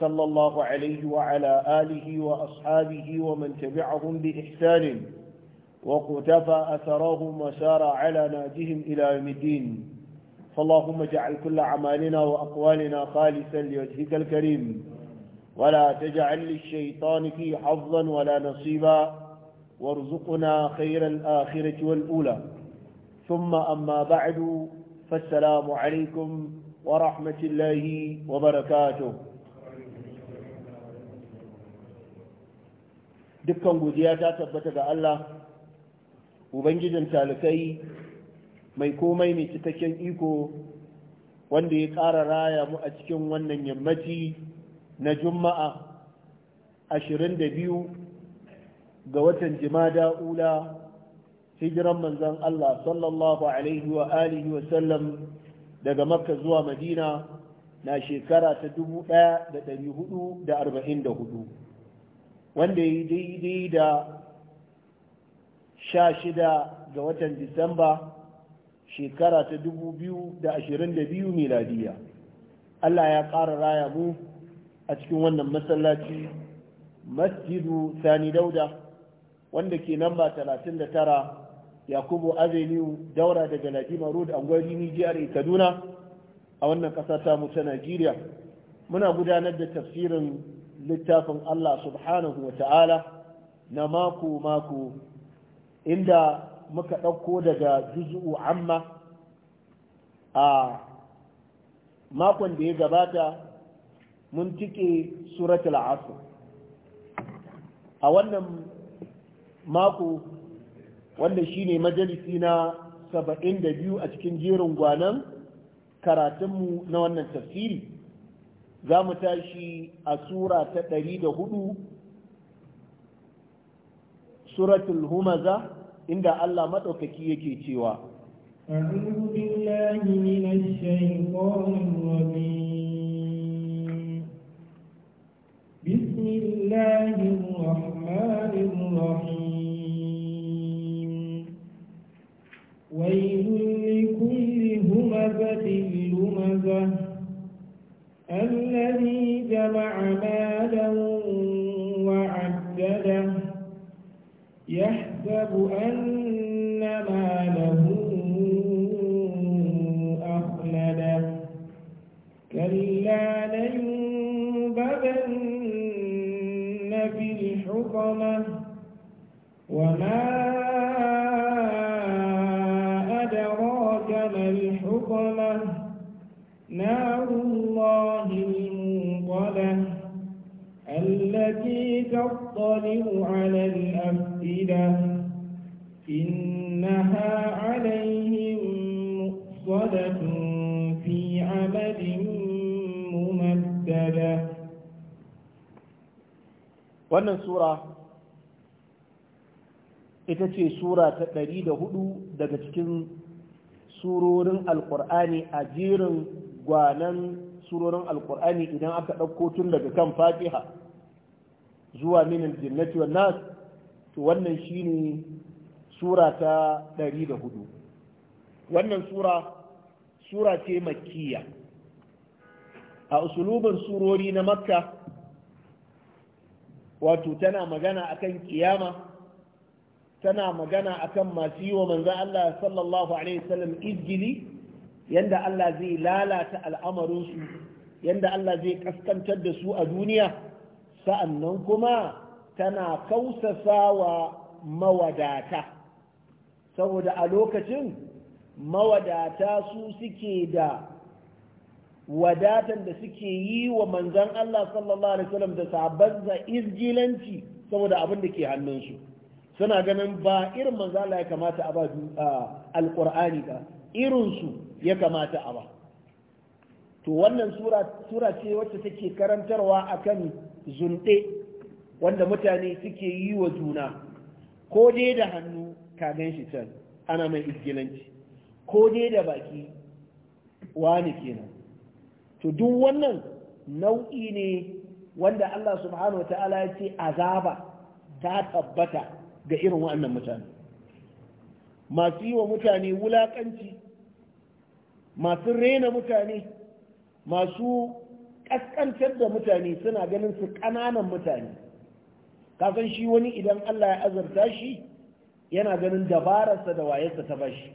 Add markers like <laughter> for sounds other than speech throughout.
صلى الله عليه وعلى آله وأصحابه ومن تبعهم بإحسان وقتفى أثرهم وسار على ناجهم إلى يوم الدين فاللهم اجعل كل عمالنا وأقوالنا خالصا لوجهك الكريم ولا تجعل للشيطان فيه حظا ولا نصيبا وارزقنا خير الآخرة والأولى ثم أما بعد فالسلام عليكم ورحمة الله وبركاته dukkan godiya ta tabbata ga Allah ubangijin talikai mai komai mai cikakken iko wanda ya ƙara raya mu a cikin wannan yammaci na juma'a 22 ga watan jimada ula hijiran manzan Allah sallallahu alaihi wa alihi wa sallam daga makka zuwa madina na shekara ta 1444 wanda ya yi daidai da sha shida ga watan disamba shekara ta dubu biyu da ashirin da biyu miladiya allah ya ƙara raya mu a cikin wannan masallaci masjidu sani dauda wanda ke lamba talatin da tara yakubu avenue daura daga lajima road angwari nijiyar kaduna a wannan ƙasa mu ta najeriya muna gudanar da tafsirin littafin Allah subhanahu wa ta'ala na mako-mako inda muka ɗauko daga juzu'u amma a makon da ya gabata mun tike suratul asr a wannan mako wanda shine majalisi na biyu a cikin jerin gwanan karatunmu na wannan tafsiri za mu tashi a sura ta ɗari da hudu suratul humaza inda Allah maɗaukaki yake cewa Wai yi wuli kulle huma zafi yi huma الذي جمع مالا وعدده يحسب أن ماله أخلده كلا لينبذن في الحطمة وما تطلع على الأفئدة إنها عليهم مؤصدة في عبد ممددة wannan sura ita ce sura ta ɗari da hudu daga cikin surorin alkur'ani a jerin gwanan surorin alkur'ani idan aka ɗauko tun daga kan fatiha zuwa min aljannati wan nas to wannan shine sura ta 104 wannan sura sura ce makkiya a usulubin surori na makka wato tana magana akan kiyama tana magana akan masu yi wa manzan Allah sallallahu alaihi wasallam izgili yanda Allah zai lalata al'amarinsu yanda Allah zai kaskantar da su a duniya sa'annan kuma tana kausasa wa mawadata saboda a lokacin mawadata su suke da wadatan da suke yi wa manzan Allah sallallahu Alaihi wasallam da sabansa izgilanci saboda abin da ke hannunsu suna ganin ba irin manzan Allah ya kamata a ba alƙur'ani ba irinsu ya kamata a ba to wannan sura ce wacce take karantarwa akan zunɗe wanda mutane suke yi wa juna ko dai da hannu ka gan shi can ana mai izgilanci ko dai da baki wani kenan to duk wannan nau'i ne wanda Allah subhanahu wata'ala ya ce azaba ta tabbata ga irin wa'annan mutane masu yi wa mutane wulaƙanci masu rena mutane masu ƙasƙantar da mutane suna ganin su ƙananan mutane kasan shi wani idan Allah ya azarta shi yana ganin dabararsa da wayarsa ta bashi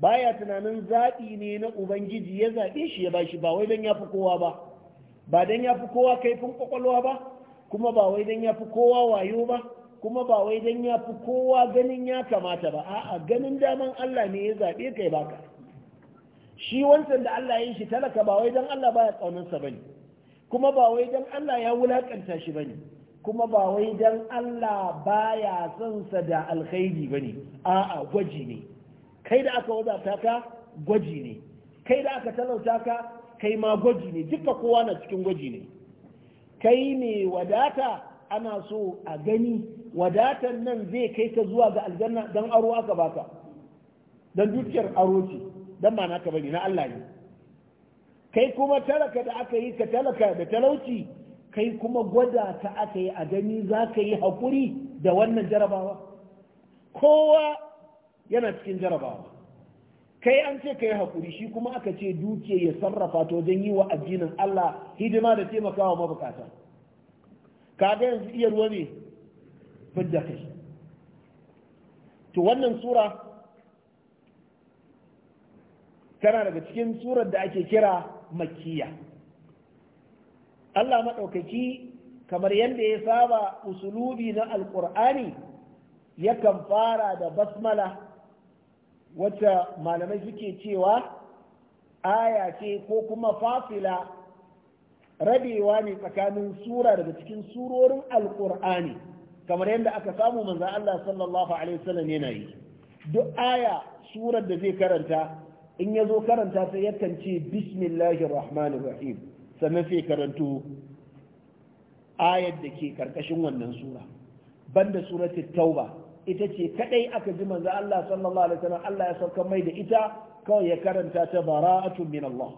baya tunanin zaɓi ne na ubangiji ya zaɓe shi ya bashi ba wai don ya fi kowa ba ba don ya fi kowa kaifin ƙwaƙwalwa ba kuma ba wai don ya fi kowa wayo ba kuma ba wai don ya fi kowa ganin ya kamata ba a'a ganin daman Allah ne ya zaɓe kai baka shi wancan da Allah ya yi shi talaka ba wai dan Allah baya kaunarsa bane kuma ba wai dan Allah ya wulakanta shi bane kuma ba wai dan Allah baya son sa da alkhairi bane a'a gwaji ne kai da aka wadata ka gwaji ne kai da aka talauta ka kai ma gwaji ne duka kowa na cikin gwaji ne kai ne wadata ana so a gani wadatan nan zai kai ka zuwa ga aljanna dan aro aka baka dan dukiyar aro ce dan ba naka bane na Allah ne kai kuma talaka da aka yi ka talaka da talauci kai kuma gwada ta aka yi a gani za ka yi haƙuri da wannan jarabawa kowa yana cikin jarabawa kai an ce ka yi haƙuri shi kuma aka ce duke ya sarrafa ta wajen yi wa addinin Allah hidima da taimakawa mabukata kaga yanzu iya ruwa ne fidda kai to wannan sura tana daga cikin surar da ake kira Makiya? Allah maɗaukaki kamar yadda ya saba usulubi na alƙur'ani yakan fara da basmala wacce malamai suke cewa aya ce ko kuma fafila rabewa ne tsakanin sura daga cikin surorin alƙur'ani kamar yadda aka samu manzan Allah sallallahu alaihi wasallam yana yi duk aya surar da zai karanta in ya zo karanta ta yakan ce bismillahir rahmanir rahim sannan sai karanto ayar da ke karkashin wannan sura banda suratul tauba ita ce kadai aka ji manzo Allah sallallahu alaihi wasallam Allah ya sauka mai da ita kawai ya karanta ta bara'atun min Allah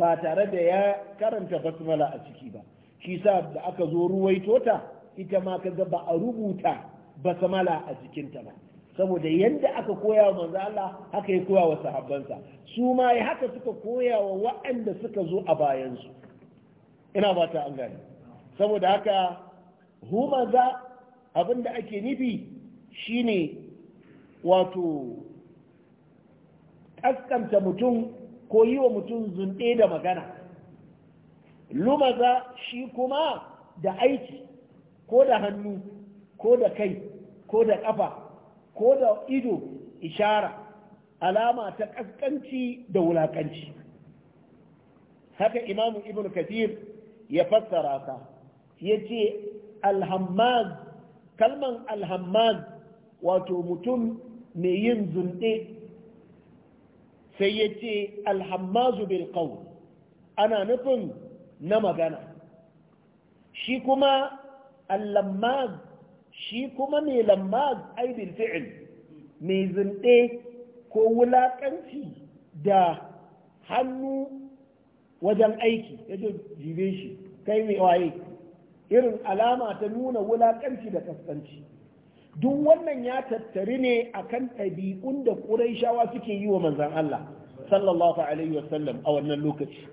ba tare da ya karanta basmala a ciki ba shi sa da aka zo ruwaito ta ita ma kaga ba a rubuta basmala a jikinta ba saboda yadda aka koya wa manzo Allah haka ya koya wa sahabbansa su ma ya haka suka koya wa waɗanda suka zo a bayansu ina ba ta an gani. saboda haka hu abin da ake nufi shine wato kaskanta mutum ko yi wa mutum zunɗe da magana lumaza shi kuma da aiki ko da hannu ko da kai ko da ƙafa ko da ido ishara alama ta kaskanci da wulakanci haka imamu ibn kathir ya fassara ta ya ce alhammaz kalman alhammaz wato mutum mai yin zunɗe sai ya ce alhammazu bil ana nufin na magana shi kuma allammaz shi kuma mai lamma aibin fi'il mai zunɗe ko wulaƙanci da hannu wajen aiki ya ce jibe shi kai mai waye irin alama ta nuna wulaƙanci da kaskanci duk wannan ya tattari ne akan ɗabi'un da ƙuraishawa suke yi wa manzan Allah sallallahu alaihi wasallam a wannan lokaci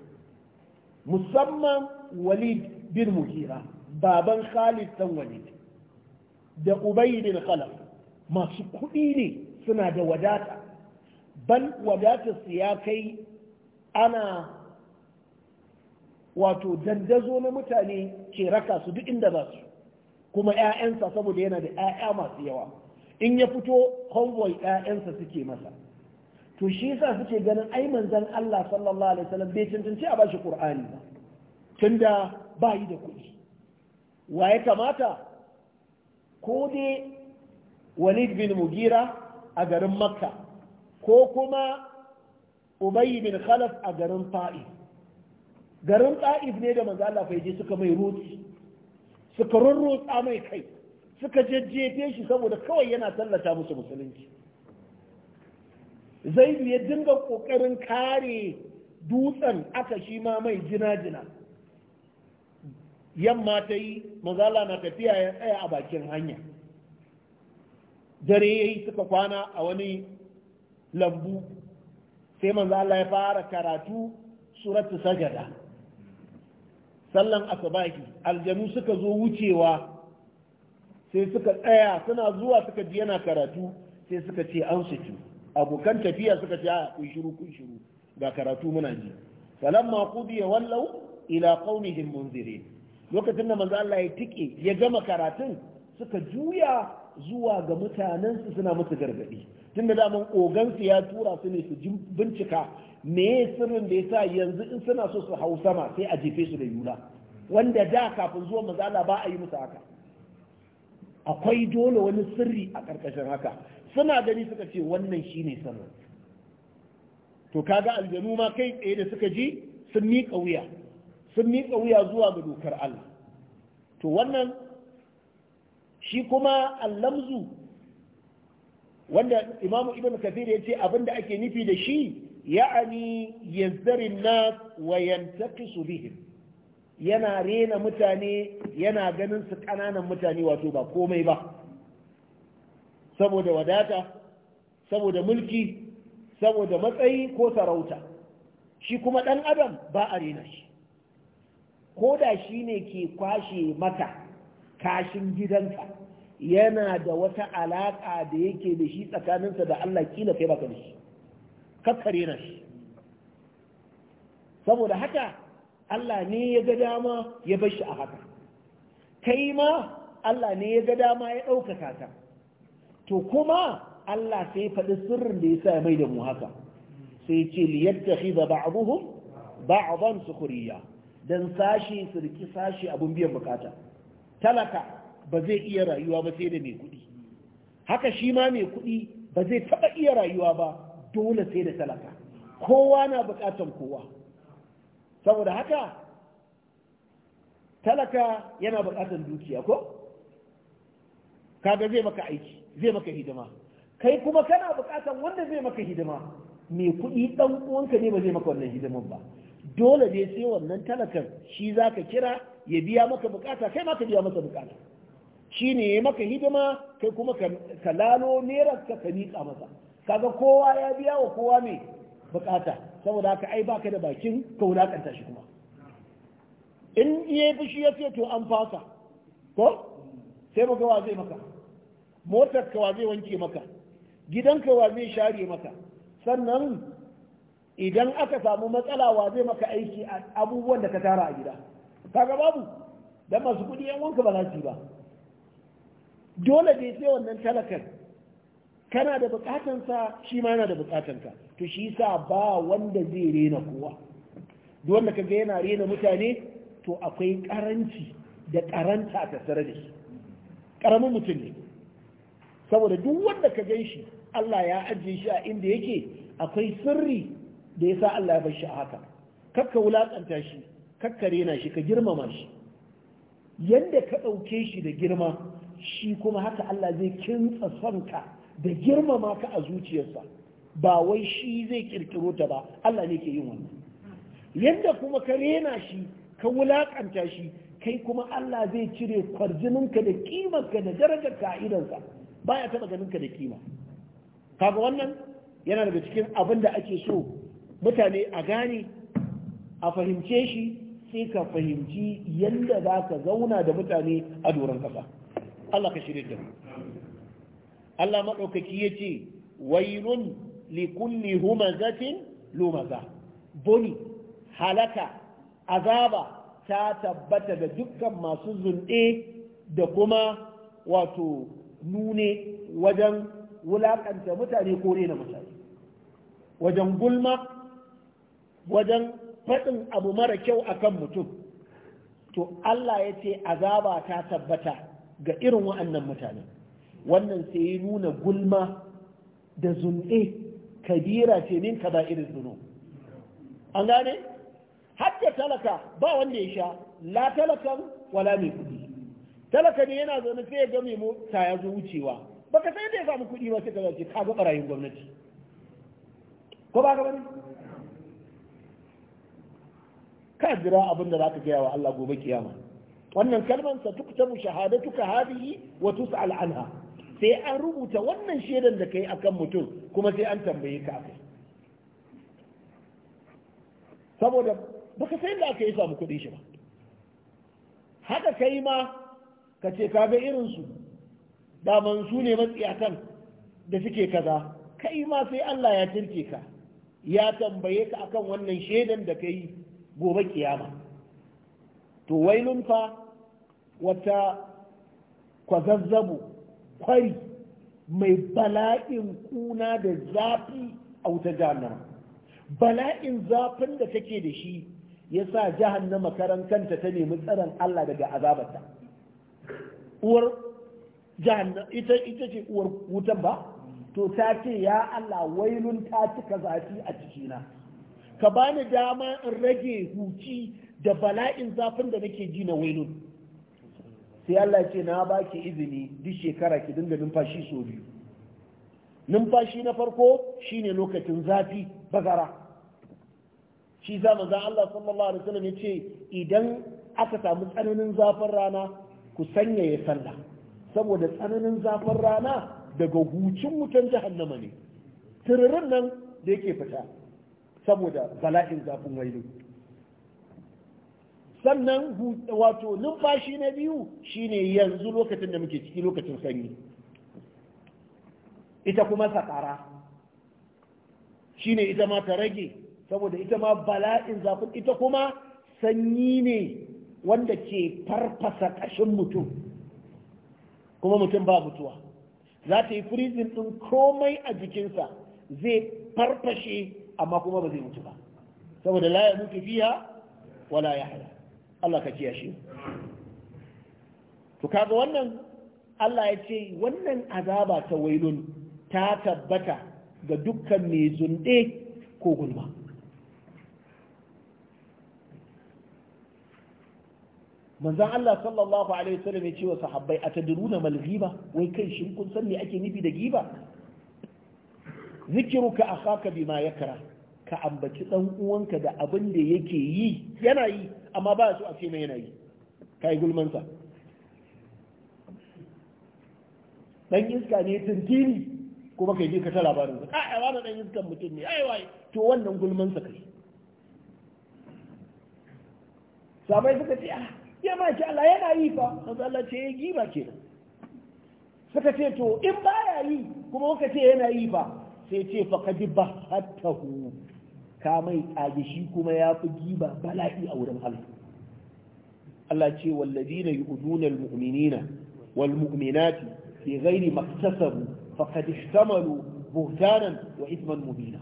musamman walid bin mugira baban khalid dan walid da ubay khalaf masu kuɗi ne suna da wadata wadatar su ya kai ana wato dandazo na mutane ke raka su duk inda za su kuma 'ya'yansa saboda yana da 'ya'ya masu yawa in ya fito convoy 'ya'yansa suke masa to shi yasa suke ganin ai manzon Allah sallallahu alaihi wasallam bai cancanci a bashi Qur'ani ba tunda ba yi da kuɗi Waye ya kamata ko dai walid bin mugira a garin makka ko kuma ubayi bin khalaf a garin ta'if garin ta'if ne da manzo Allah je suka mai ruti suka rurrutsa mai kai suka jajjefe shi saboda kawai yana tallata musu musulunci zaidu ya dinga kokarin kare dutsen aka shi ma mai jina-jina yamma ta yi mazala na tafiya ya tsaya a bakin hanya dare ya yi suka kwana a wani lambu sai manzo ya fara karatu suratu sajada sallan asabaki aljanu suka zo wucewa sai suka tsaya suna zuwa suka ji yana karatu sai suka ce an ci. abokan tafiya suka ce a kun shiru kun shiru ga karatu muna ji falamma ya wallau ila qaumihim munzirin lokacin da manzo Allah ya tike ya gama karatun suka juya zuwa ga mutanensu suna musu gargadi tun da ogan ogansu ya tura su ne su bincika me sirrin da yasa yanzu in suna so su hau sama sai a jefe su da yula wanda da kafin zuwa manzo Allah ba a yi musu haka akwai dole wani sirri a ƙarƙashin haka suna gani suka ce wannan shine sirrin to kaga aljanu ma kai tsaye da suka ji sun miƙa wuya sun miƙa wuya zuwa ga dokar Allah to wannan shi kuma allamzu wanda imamu ibn kafir ya ce abinda ake nufi da shi ya'ani yazzari nas wa yantaqisu bihim yana rena mutane yana ganin su kananan mutane wato ba komai ba saboda wadata saboda mulki saboda matsayi ko sarauta shi kuma ɗan adam ba a rena shi ko da shi ne ke kwashe maka kashin gidanka yana da wata alaƙa da yake da shi tsakaninsa da Allah kila kai baka da shi kakkare na shi saboda haka Allah ne ya ga dama ya bar shi a haka kai ma Allah ne ya ga dama ya ɗaukaka ta to kuma Allah sai faɗi sirrin da ya sa mai da mu haka sai ce liyattakhidha ba'dhum ba'dan sukhriya don sashi su riki sashi abun biyan bukata talaka ba zai iya rayuwa ba sai da mai kuɗi haka shi ma mai kuɗi ba zai taɓa iya rayuwa ba dole sai da talaka kowa na bukatan kowa saboda haka talaka yana bukatan dukiya ko kaga zai maka aiki zai maka hidima kai kuma kana bukatan wanda zai maka hidima mai kuɗi dan uwanka ne ba zai maka wannan hidiman ba dole ne sai wannan talakan shi za ka kira ya biya maka bukata kai ma ka biya masa bukata shi ne ya maka hidima kai kuma ka lalo nerar ka ka nika masa kaga kowa ya biya wa kowa mai bukata saboda haka ai baka da bakin ka wulakanta shi kuma in iya fushi ya ce to an fasa ko sai maka wa zai maka motar ka wa zai wanke maka ka wa zai share maka sannan idan aka samu matsala wa zai maka aiki a abubuwan da ka tara a gida kaga babu don masu kuɗi yan wanka ba za su ba dole dai sai wannan talakan kana da bukatansa shi ma yana da bukatanka to shi sa ba wanda zai rena kowa duk ka ga yana rena mutane to akwai karanci da karanta a tattare da shi karamin mutum ne saboda duk wanda ka gan shi Allah ya ajiye shi a inda yake akwai sirri da ya sa Allah ya bar shi a haka kakka wulaƙanta shi kakka rena shi ka girmama shi yadda ka ɗauke shi da girma shi kuma haka Allah zai kintsa ka da girmama ka a zuciyarsa ba wai shi zai kirkiro ta ba Allah ne ke yin wannan yadda kuma ka rena shi ka wulaƙanta shi kai kuma Allah zai cire kwarjininka da kimarka da darajar ka ba baya taɓa ganinka da kima kaga wannan yana daga cikin abin da ake so mutane a gane a fahimce shi sai ka fahimci yadda za ka zauna da mutane a doron kasa. Allah ka shirya da Allah maɗaukaki ya ce wailun likulli humazatin lumaza boni halaka azaba ta tabbata da dukkan masu zunɗe da kuma wato nune wajen wulaƙanta mutane ko rena mutane wajen gulma wajen faɗin abu mara kyau a kan mutum to Allah ya ce azaba ta tabbata ga irin wa'annan mutane wannan sai ya nuna gulma da zunɗe kabira ce min ba irin zuno an gane hatta talaka ba wanda ya sha la talakan wala mai kuɗi talaka ne yana zaune sai ya ga mai mota ya zo wucewa baka sai da ya samu kuɗi ba sai ka zace ka ga barayin gwamnati ko ba ka bane ka jira abin da ka gaya wa Allah gobe kiyama wannan kalman sa tuktabu shahadatuka hadihi wa tus'al anha sai an rubuta wannan shedan da kai akan mutum kuma sai an tambaye ka akai saboda baka sai da aka yi samu kuɗi shi ba haka kai ma ka ce ka ga irin su daman su ne akan da suke kaza kai ma sai Allah ya tirke ka ya tambaye ka akan wannan shedan da kai gobe kiyama to wailun fa wata kwazazzabu kwari mai bala'in kuna da zafi a wuta jahannama bala'in zafin da take da shi ya sa jahannama karan kanta ta nemi tsaron Allah daga azabarta uwar jahannama ita ce uwar wutan ba to ta ce ya Allah wailun ta cika zafi a cikina ka bani dama in rage huci da bala'in zafin da nake ji na wailun sai Allah ce na baki izini duk shekara ki dinga numfashi so biyu numfashi na farko shine lokacin zafi bazara shi za manzon Allah sallallahu alaihi wasallam yace idan aka samu tsananin zafin rana ku sanyaya sallah saboda tsananin zafin rana daga hucin wutan jahannama ne tururin nan da yake fita saboda bala'in zafin wailu sannan wato numfashi na biyu shine yanzu lokacin da muke ciki lokacin sanyi ita kuma sakara shine ita ma ta rage saboda ita ma bala'in zafin ita kuma sanyi ne wanda ke farfasa ƙashin mutum kuma mutum ba mutuwa za ta yi firizin ɗin komai a jikinsa zai farfashe amma kuma ba zai mutu ba saboda la ya mutu fiya wala ya hada. Allah ka kiyashe to kaga wannan Allah ya ce wannan azaba ta wailun ta tabbata ga dukkan mai zunde ko gulma manzan Allah sallallahu alaihi wasallam ya ce wa sahabbai atadruna mal giba? wai kai shin kun san me ake nufi da giba zikiruka ma ya kara ka ambaci ɗan uwanka da abin da yake yi yana yi amma ba su a ce mai yana yi ka yi sa dan iska ne tuntini kuma ka yi ka ta labarin sa ai wani ɗan iskan mutum ne ai wai to wannan gulman sa kai sabai suka ce ah, ya ma ce Allah yana yi fa manzo Allah ce yi eh, ba kenan suka ce to in baya yi kuma kuka ce yana yi fa sai ce faƙaji ba hattahu ka mai tsage shi kuma ya fi giba bala'i a wurin Allah Allah ce wallazina yu'duna almu'minina walmu'minati bi ghairi maktasabu faqad ihtamalu buhtanan wa ithman mubina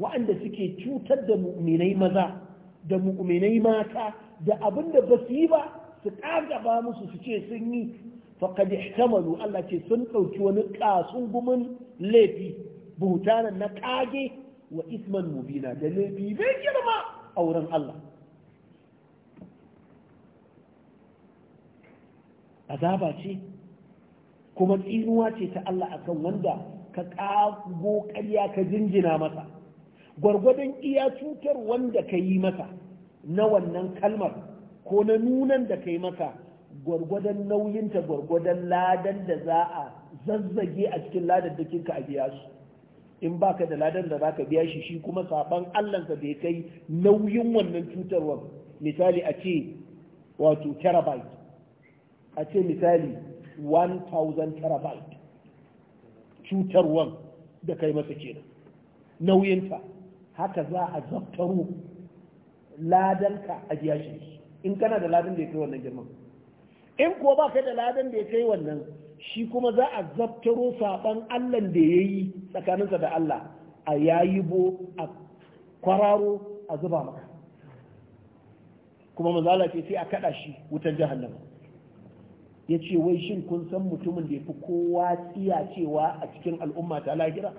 wa'anda suke cutar da mu'minai maza da mu'minai mata da abinda ba su yi ba su kagaba musu su ce sun yi faqad ihtamalu Allah ce sun ɗauki wani ƙasungumin laifi buhutanan na kage wa isman mubina da laifi bai girma a wurin Allah azaba ce kuma tsinuwa ce ta Allah akan wanda ka kago ƙarya ka jinjina masa gwargwadon iya cutar wanda ka yi masa na wannan kalmar ko na nunan da ka yi masa gwargwadon nauyinta gwargwadon ladan da za a zazzage a cikin ladaddakinka a biya su in baka da ladan da zaka biya shi shi kuma saban allansa bai kai nauyin wannan cutarwa misali a ce wato terabyte a ce misali 1000 terabyte cutarwan da kai masa kenan nauyinta haka za a zaftaro ladanka a biya shi in kana da ladan da ya kai wannan girman in kuwa ba ka da ladan da ya kai wannan shi kuma za a zabtaro saban Allah da ya yi tsakaninsa da Allah a yayi bo a kwararo a zuba maka kuma mazala ce sai a kada shi wutar jahannama ya ce wai shin kun san mutumin da ya fi kowa tsiya cewa a cikin al'umma ta lahira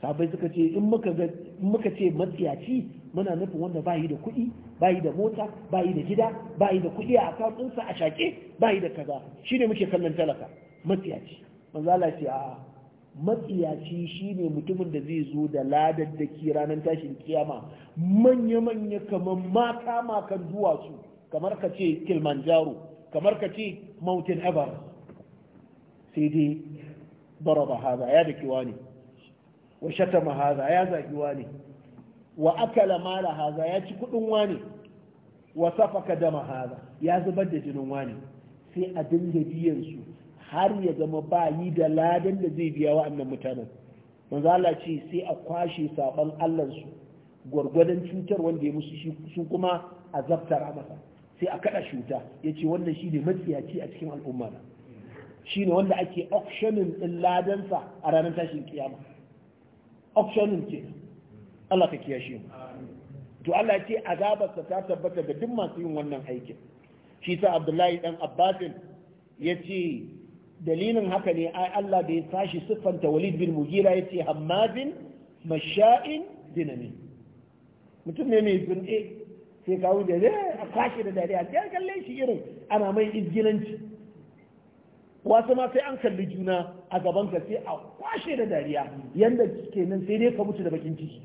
sabai suka ce in muka ce matsiyaci muna nufin wanda bayi da kuɗi bayi da mota bayi da gida bayi da kuɗi a akauntinsa a shaƙe bayi da kaza shine muke kallon talaka matsiyaci manzo Allah ce a matsiyaci shine mutumin da zai zo da ladar da ke ranar tashin kiyama manya manya kamar mata makan duwatsu kamar ka ce Kilimanjaro kamar ka ce Mountain Everest sai dai baraba haza ya kiwa ne. wa shatama haza ya zagiwa ne. wa akala mala haza ya ci kudin wani wa safaka dama haza ya zubar da jinin wani sai a dinga biyan su har ya zama ba yi da ladan da zai biya wa'annan mutanen manzo Allah ce sai a kwashe saban Allah su gwargwadon cutar wanda ya musu su kuma a zaftar masa sai a kada shuta yace wannan shine matsiyaci a cikin al'umma shine wanda ake auctioning din ladansa a ranar tashin kiyama auctioning ke Allah ka kiyashe mu to Allah ce azabarsa ta tabbata ga duk masu yin wannan aikin shi sa Abdullahi dan Abbasin ya ce dalilin haka ne ai Allah da ya tashi siffanta Walid bin Mugira ya ce hammazin masha'in dinami mutum ne mai zunɗe sai kawo da eh, a kwashe da dariya ya kalle shi irin ana mai izgilanci wasu ma sai an kalli juna a gaban ka sai a kwashe da dariya ke nan sai dai ka mutu da bakin ciki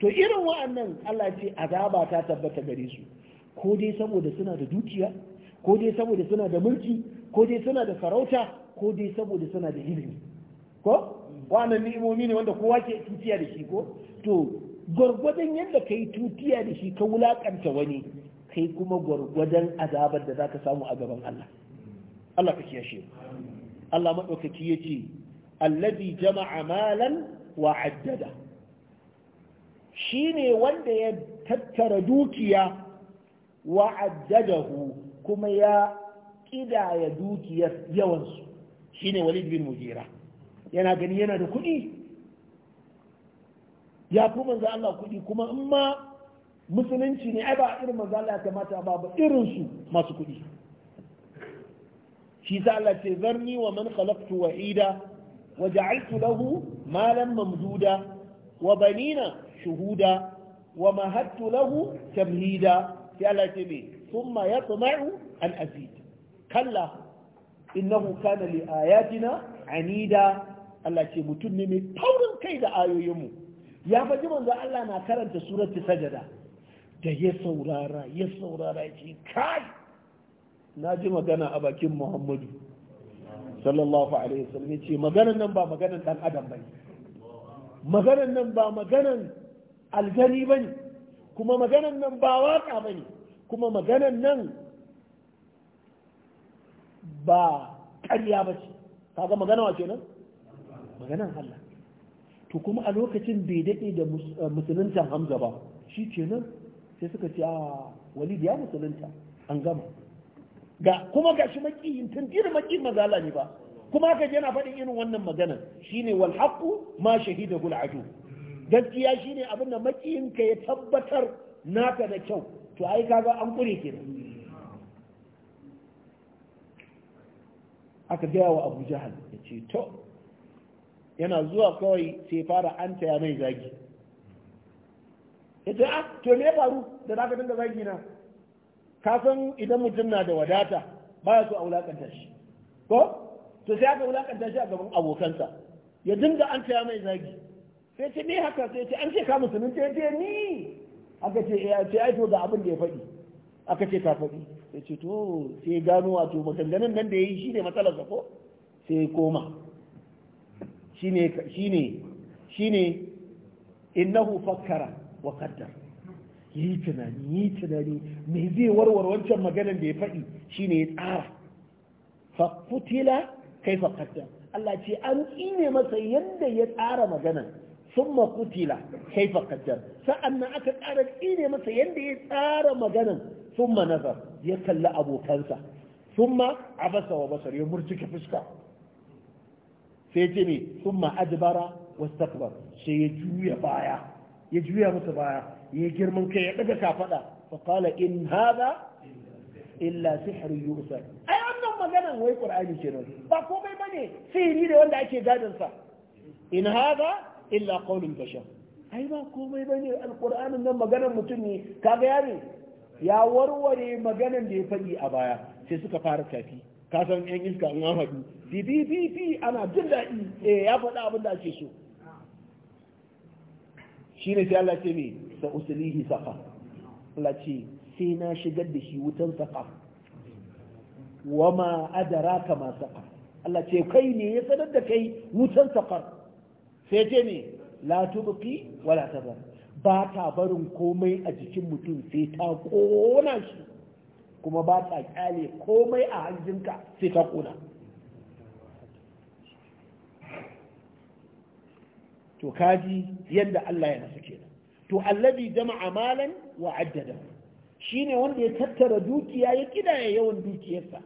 to irin wa'annan Allah ce azaba ta tabbata gare su ko dai saboda suna da dukiya ko dai saboda suna da mulki ko dai suna da farauta, ko dai saboda suna da ilimi ko wannan ni'imomi ne wanda kowa ke tutiya da shi ko to gwargwadon yadda ka yi tutiya da shi ka wulakanta wani kai kuma gwargwadon azabar da za ka samu a gaban Allah Allah ka kiyashe Allah madaukaki yace allazi jama'a malan wa addada shine wanda ya tattara dukiya wa addadahu kuma ya ƙidaya dukiyar yawansu shine Walid bin Mujira yana gani yana da kuɗi ya fi manzo Allah kuɗi kuma in ma musulunci ne ai ba irin manzo Allah ya kamata ba ba irin su masu kuɗi shi sa Allah ce zarni wa man khalaqtu wahida wa ja'altu lahu malan mamduda wa banina shuhuda wa mahattu lahu tamhida sai Allah ce me thumma yatma'u an azid kalla innahu kana li ayatina anida Allah ce mutum ne mai taurin kai da ayoyinmu ya faji manzo Allah na karanta surati sajada da ya saurara ya saurara ya ce kai na ji magana a bakin muhammadu sallallahu alaihi wasallam ce maganan nan ba maganan dan adam bane maganan nan ba maganan aljani bane kuma maganan nan ba waka bane kuma maganan nan ba ƙarya ba ce kaga magana wace kenan maganan Allah to kuma a lokacin bai daɗe da eh, musulunta Hamza ba shi kenan sai suka ce a ah, walid ya musulunta an gama ga kuma gashi makiyin tantira makiyin mazala ne ba kuma ka yana faɗin irin wannan magana shine wal haqu ma shahida gul adu gaskiya shine abin da makiyin ka ya tabbatar naka da kyau to ai kaga an kure kenan aka gaya wa Abu Jahal ya ce to yana zuwa kawai sai fara an taya mai zagi ya ce a ah, to me faru da zaka dinga zagi na Kafin idan mutum na da wadata ba ya so a wulakanta shi ko to sai aka wulakanta shi a gaban abokansa ya dinga an taya mai zagi sai ce me haka sai ce an ce ka musulun ya ce ni aka ce ya ce ai to ga abin da ya faɗi aka ce ka faɗi sai ce to sai gano wato maganganun nan da ya yi shine matsalar ko sai koma shine shine shine innahu fakkara wa qaddara yi tunani yi tunani me zai warware wancan maganar da ya faɗi shine ya tsara kutila kaifa Allah ce an tsine masa yadda ya tsara magana summa kutila kaifa sa'an na aka tsara tsine masa yadda ya tsara maganan summa nazar ya kalli abokansa a abasa wa basar ya murtuke fuska sai ce me summa adbara wastakbar sai ya juya baya ya juya masa baya Yi girman kai ya daga kafada fa qala in hadha illa sihrun yusar ai wannan maganan wai qur'ani kenan ba komai bane sihiri da wanda ake gadon sa in hadha illa qawlun bashar ai ba komai bane alqur'anin nan maganan mutum ne kaga ne? ya warware maganan da ya faɗi a baya sai suka fara tafi ka san yan iska an haɗu bibibibi ana jin daɗi eh ya faɗa abin da ake so shine sai Allah ce da usulihi saqa Allah sai na shigar da shi wutan saqa adara adraka ma saqa Allah ce kai ne ya sanar da kai wutan safar sai ce ne la tubqi wala tazar ba ta barin komai a jikin mutum sai ta kona shi kuma ba ta kyale komai a hanjinka sai ta kona to kaji yadda Allah ya nasu kenan to allazi jama'a malan wa addada shine wanda ya tattara dukiya ya ya yawan dukiyarsa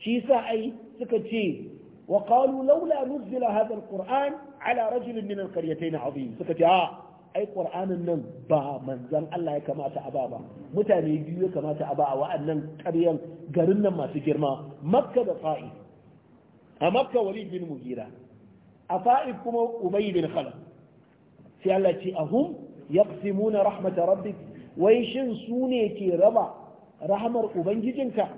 shi yasa ai suka ce wa qalu laula nuzila hadha alquran ala rajul min alqaryatayn azim suka ce a ai qur'anin nan ba manzon Allah ya kamata a ba ba mutane biyu ya kamata a ba a wa'annan ƙaryan garin nan masu girma makka da fa'id. a makka walid bin mugira a fa'id kuma ubay bin khalaf sai Allah ce ahum yaqsimuna rahmat rabbik wai shin su ne ke raba rahmar ubangijinka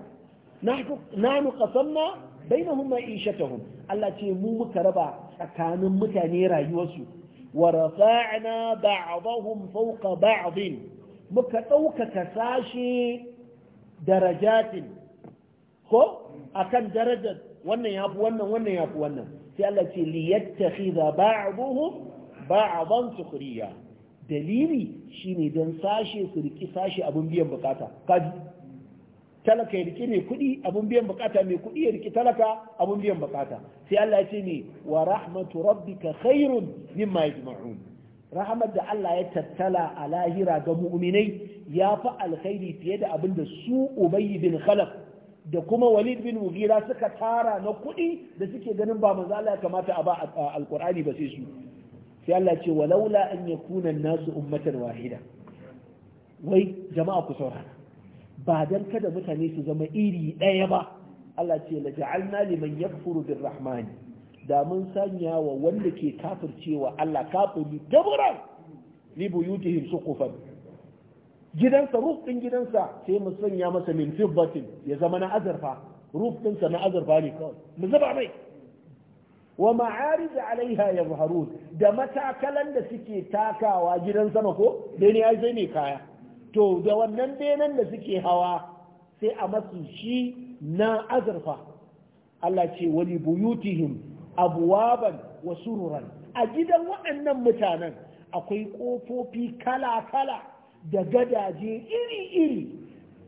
nahnu qasamna bainahum ma'ishatahum Allah ce mu muka raba tsakanin mutane rayuwarsu wa rafa'na ba'dahum fawqa ba'd muka ɗaukaka sashe darajatin ko akan darajar wannan yafi wannan wannan yafi wannan sai Allah ce liyattakhidha ba'dhum ba'dan sukhriya dalili shine don sashe su riki sashe abin biyan bukata kaji talaka ya riki mai kuɗi abin biyan bukata mai kudi ya riki talaka abin biyan bukata sai Allah ya ce ne wa rahmatu rabbika khairun mimma yajma'un rahmat da Allah ya tattala a lahira ga mu'minai ya fi alkhairi fiye da abin da su ubayy bin khalaf da kuma walid bin mugira suka tara na kuɗi da suke ganin ba manzo Allah ya kamata a ba alqur'ani ba sai su sai Allah ce walaula an kuna nasu ummatan wahida wai jama'a ku saurara ba dan kada mutane su zama iri ɗaya ba Allah ce la ja'alna liman yakfuru birrahmani da mun sanya wa wanda ke kafircewa Allah kafiri gaburan li buyutihim suqufan gidansa ruf din gidansa sai mu sanya masa min fibbatin ya zama na azurfa roof ɗinsa na azurfa ne kawai mu zuba mai wa ma'arij alaiha harun da matakalan da suke takawa gidan sama ko dai ne sai ne kaya to da wannan benen da suke hawa sai a masu shi na azurfa Allah ce wali buyutihim abwaban wa sururan a gidan waɗannan mutanen akwai ƙofofi kala-kala da gadaje iri-iri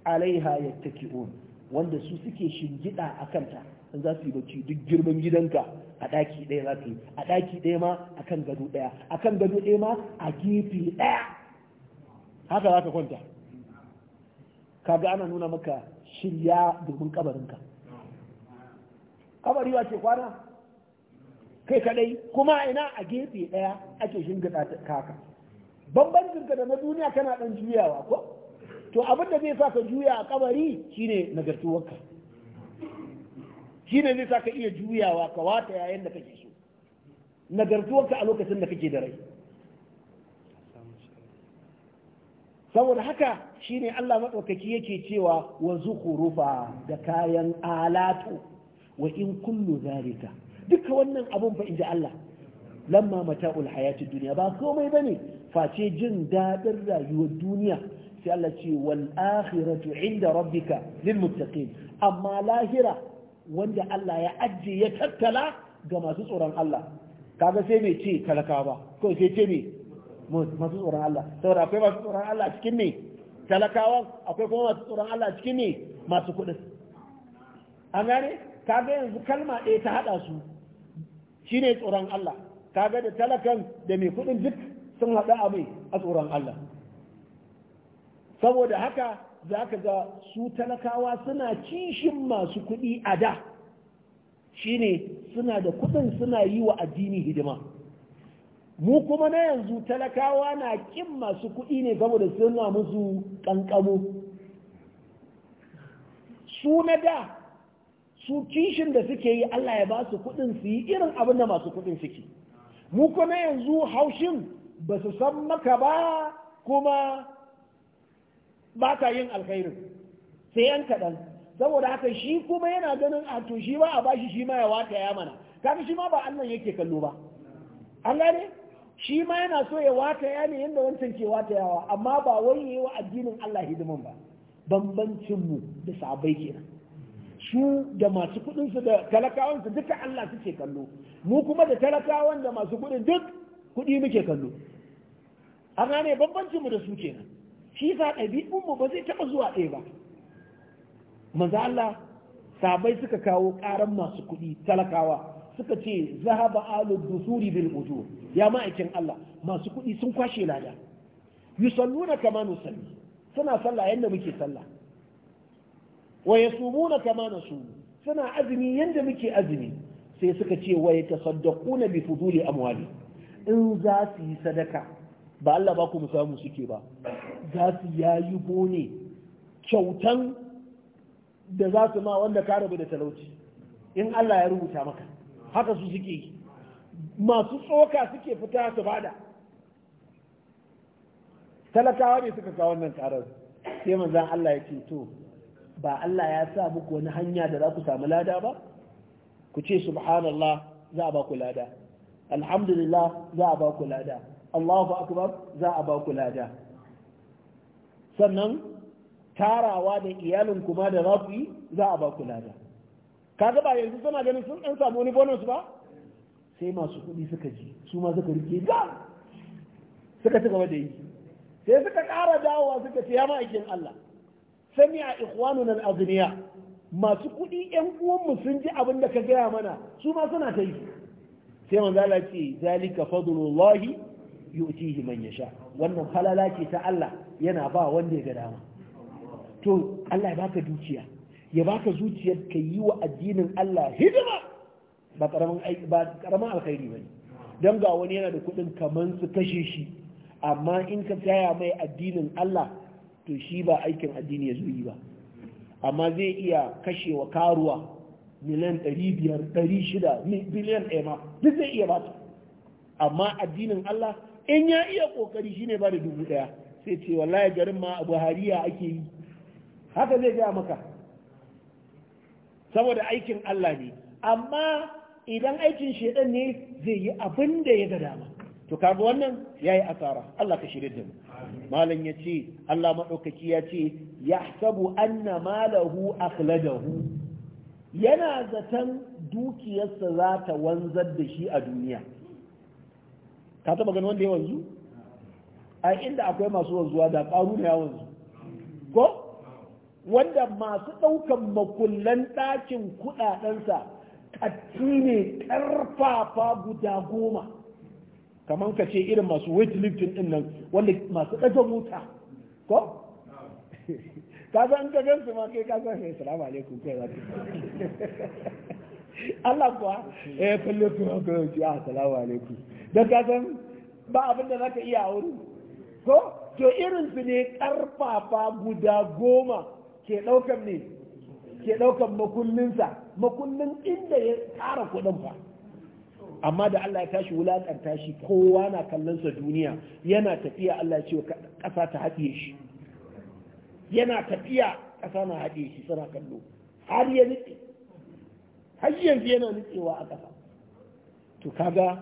alaiha yattaki'un wanda su suke shingida a kanta in za su yi bacci duk girman gidanka a ɗaki ɗaya za su yi a ɗaki ɗaya ma a kan gado ɗaya a kan gado ɗaya ma a gefe ɗaya haka za ka kwanta kaga ana nuna maka shirya domin kabarinka kabari wace kwana kai kadai kuma ina a gefe ɗaya ake shingida kaka bambancin ka da na duniya kana ɗan juyawa ko to abin da zai sa ka juya a kabari shine nagartuwarka shi ne zai sa ka iya juyawa ka wata yayin da kake so nagartuwarka a lokacin da kake da rai saboda haka shine Allah maɗaukaki yake cewa wa zukhrufa da kayan alatu wa in kullu zalika duka wannan abun fa inda Allah lamma mata'ul hayati duniya ba komai bane face jin dadin rayuwar duniya sai Allah ce wal akhiratu inda rabbika lil muttaqin amma lahira wanda Allah ya ajiye ya tattala ga masu tsoron Allah kaga sai mai ce talakawa ba kawai sai ce mai masu tsoron Allah saboda akwai masu tsoron Allah a cikin ne talakawan akwai kuma masu tsoron Allah a cikin ne masu kuɗin an gane kaga yanzu kalma ɗaya ta haɗa su shine tsoron Allah kaga da talakan da mai kuɗin duk sun haɗu a mai a tsoron Allah saboda haka za ka ga su talakawa suna kishin masu kuɗi a da shine suna da kuɗin suna yi wa addini hidima mu kuma na yanzu talakawa na kin masu kuɗi ne da suna musu ƙanƙamu su na da su kishin da suke yi Allah ya ba su kuɗin su yi irin abin da masu kuɗin suke mu kuma na yanzu haushin ba su san maka ba kuma ba ta yin alkhairin sai yan kaɗan saboda haka shi kuma yana ganin a to shi ba a bashi shi ma ya wata ya mana kaga shi ma ba Allah yake kallo ba an gane shi ma yana so ya wata ya ne yadda wancan ke wata yawa amma ba wai yayi wa addinin Allah hidiman ba bambancin mu da sabai kenan su da masu kudin su da talakawan su duka Allah suke kallo mu kuma da talakawan da masu kudin duk kudi muke kallo an gane bambancin mu da su kenan shi sa ɗabi'unmu ba zai taɓa zuwa ɗaya ba maza Allah sabai suka kawo ƙaran masu kuɗi talakawa suka ce zahaba alu dusuri bil ujur ya ma'aikin Allah masu kuɗi sun kwashe lada yusalluna kama nusalli suna sallah yadda muke sallah wa yasumuna kama nasumu suna azumi yadda muke azumi sai suka ce wa yatasaddaquna bi fuduli amwali in za su yi sadaka ba Allah ba ku musamu suke ba za su yayi bone kyautan da za su ma wanda ka rabu da talauci in Allah ya rubuta maka haka su suke masu tsoka suke fita su bada talakawa ne suka kawo wannan karar sai manzan Allah ya ce to ba Allah ya sa muku wani hanya da za ku samu lada ba ku ce subhanallah za a ba ku lada alhamdulillah za a ba ku lada Allahu akbar za a ba ku lada sannan tarawa da iyalin kuma da za ku yi za a ba ku lada kaga ba yanzu suna ganin sun dan samu wani bonus ba sai masu kuɗi suka ji su ma suka rike ga suka ci gaba da yi sai suka ƙara dawowa suka ce ya ma'aikin Allah sami a ikhwanuna al-azniya masu kuɗi ƴan uwanmu sun ji abin da ka gaya mana su ma suna ta yi sai manzo Allah ce zalika fadlullahi yu'tihi man yasha wannan falala ce ta Allah yana ba wanda ya ga dama to Allah ya baka dukiya ya baka zuciyar ka yi wa addinin Allah hidima ba aiki ba karaman alkhairi bane dan ga wani yana da kudin kaman su kashe shi amma in ka tsaya mai addinin Allah to shi ba aikin addini ya yi ba amma zai iya kashewa karuwa miliyan 500 600 biliyan ɗaya ma duk zai iya bata amma addinin Allah in ya iya kokari shine ba da dubu daya sai ce wallahi garin ma abu hariya ake yi haka zai gaya maka saboda aikin Allah ne amma idan aikin shedan ne zai yi abin da ya ga dama to kaga wannan yayi asara Allah ka shirye da mu malam yace Allah madaukaki yace yahsabu anna malahu akhladahu yana zaton dukiyarsa za ta wanzar da shi a duniya ka taba ganin wanda ya wanzu a inda akwai masu wanzuwa da ƙaru ya wanzu ko wanda masu ɗaukan makullan ɗakin kuɗaɗensa ƙatti ne ƙarfafa guda goma kamar ka ce irin masu weightlifting ɗin nan wanda masu ɗaga mota ko <laughs> ka san ka gan su ma kai ka san sai salamu alaikum kai zaka <laughs> Allah kuwa eh falle ku ka ji assalamu alaikum Da kasan ba abin da za ka iya wuri ko to irinsu ne karfafa guda goma ke ɗaukan ne ke ɗaukan makullinsa makullin inda ya tsara kuɗin fa amma da Allah ya tashi wulaƙanta tashi kowa na kallonsa duniya yana tafiya Allah ce kasa ta haɗiye shi yana tafiya kasa na haɗiye shi suna kallo har ya nitse har yanzu yana nitsewa a kasa to kaga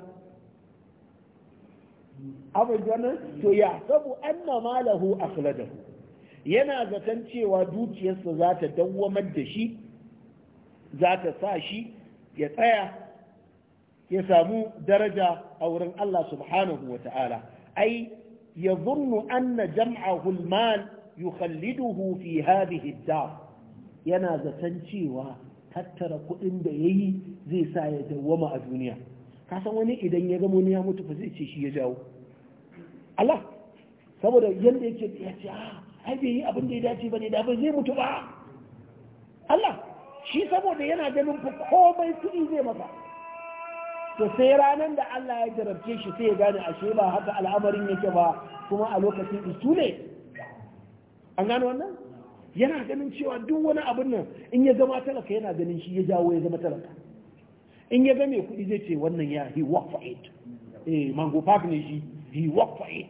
abin wannan to ya sabu anna malahu akhladahu yana zaton cewa dukiyarsa za ta dawwamar da shi za ta sa shi ya tsaya ya samu daraja a wurin Allah subhanahu wa ta'ala ai ya zurnu anna jam'ahu al-mal yukhalliduhu fi hadhihi ad-dar yana zaton cewa tattara kuɗin da yayi zai sa ya dawwama a duniya ka san wani idan ya zama wani ya mutu ba zai ce shi ya jawo Allah saboda ya ce ya ce ah ai bai yi abin da ya dace ba ne da zai mutu ba Allah shi saboda yana ganin fa komai kuɗi zai masa to sai ranar da Allah ya jarabce shi sai ya gane ashe ba haka al'amarin yake ba kuma a lokacin isu ne an gano wannan yana ganin cewa duk wani abin nan in ya zama talaka yana ganin shi ya jawo ya zama talaka in ya ga mai kuɗi zai ce wannan ya he work for it eh mango park ne shi he work for it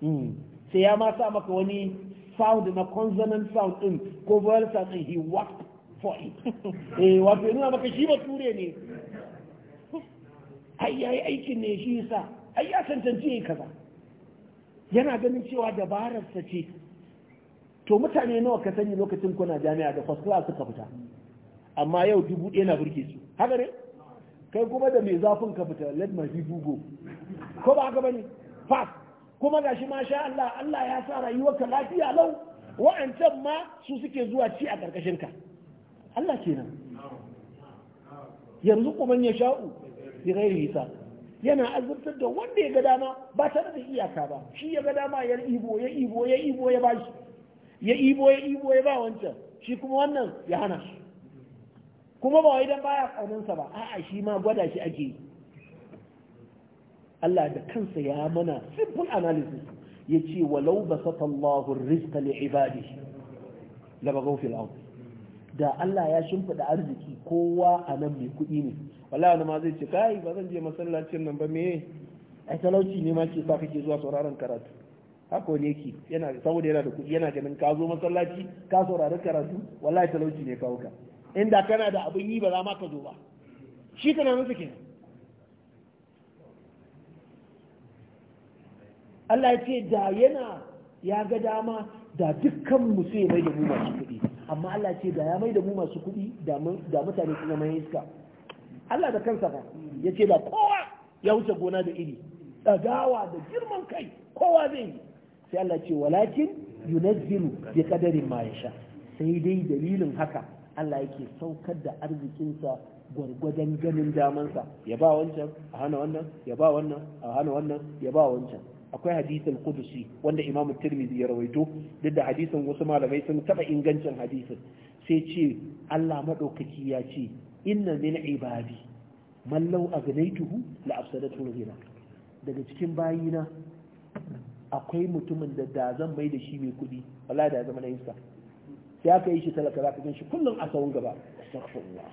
hmm. sai ya ma sa maka wani sound na consonant sound din ko vowel sound din he work for it <laughs> eh wato yana maka shi ba ture ne ai yayi aikin ne shi sa, ai ya tantance yayi kaza yana ganin cewa sa ce to mutane nawa ka sani lokacin kuna jami'a da first class suka fita amma yau dubu ɗaya na burge su haka ne kai kuma da mai zafin ka fita let my people go ko ba haka bane fast kuma gashi ma sha Allah Allah ya sa rayuwarka lafiya lau wa'ancan ma su suke zuwa ci a karkashin ka Allah kenan yanzu kuma ya sha'u bi ghairi yana azurtar da wanda ya ga dama ba tare da iyaka ba shi ya ga dama ya ibo ya ibo ya ibo ya bashi ya ibo ya ibo ya ba wancan shi kuma wannan ya hana shi kuma ba wai dan baya kaunansa ba a'a shi ma gwada shi ake Allah da kansa ya mana simple analysis ya ce walau basata Allahu rizqa li ibadihi la bagaw fil ard da Allah ya shimfida arziki kowa a nan mai kuɗi ne wallahi wani ma zai ce kai ba zan je masallacin nan ba me ai talauci ne ma ke sa kake zuwa sauraron karatu haka ne yake yana saboda yana da kuɗi yana ganin ka zo masallaci ka saurari karatu wallahi talauci ne kawo ka inda kana da abin yi ba za ma ka zo ba shi kana nan suke Allah ya ce da yana ya ga dama da dukkan mu sai mai da mu masu kuɗi amma Allah ce da ya mai da mu masu kuɗi da mutane su zama iska Allah da kansa ba ya ce da kowa ya wuce gona da iri gawa da girman kai kowa zai yi sai Allah ce walakin yunazzilu bi qadarin ma yasha sai dai dalilin haka Allah yake saukar da arzikinsa gwargwadon ganin damansa ya ba wancan a hana wannan ya ba wannan a hana wannan ya ba wancan akwai hadisin kudusi wanda imamu tirmidhi ya rawaito duk da hadisin wasu malamai sun taba ingancin hadisin sai ce Allah madaukaki ya ce inna min ibadi man law aghnaytuhu la afsadatu ghira daga cikin bayina akwai mutumin da da zan mai da shi mai kudi wallahi da zama na yinsa sai aka yi shi talaka za ka gan shi kullum a sawun gaba Allah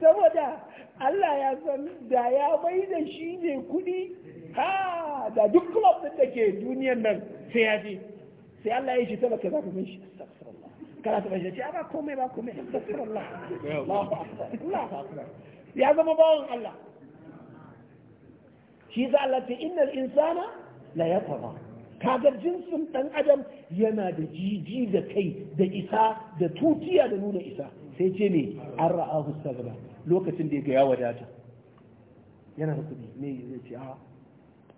saboda Allah ya san da ya bai da shi ne kuɗi ha da duk club da ke duniyar nan sai ya ji sai Allah ya shi talaka za ka gan shi kana ta bashi ya ba komai ba komai astaghfirullah Allahu akbar ya zama bawon Allah shi za Allah ce innal insana la yatgha kagar jinsin dan adam yana da jiji da kai da isa da tutiya da nuna isa sai ce ne an ra'ahu sagaba lokacin da ya ga ya wadata yana da kuɗi ne ya ce a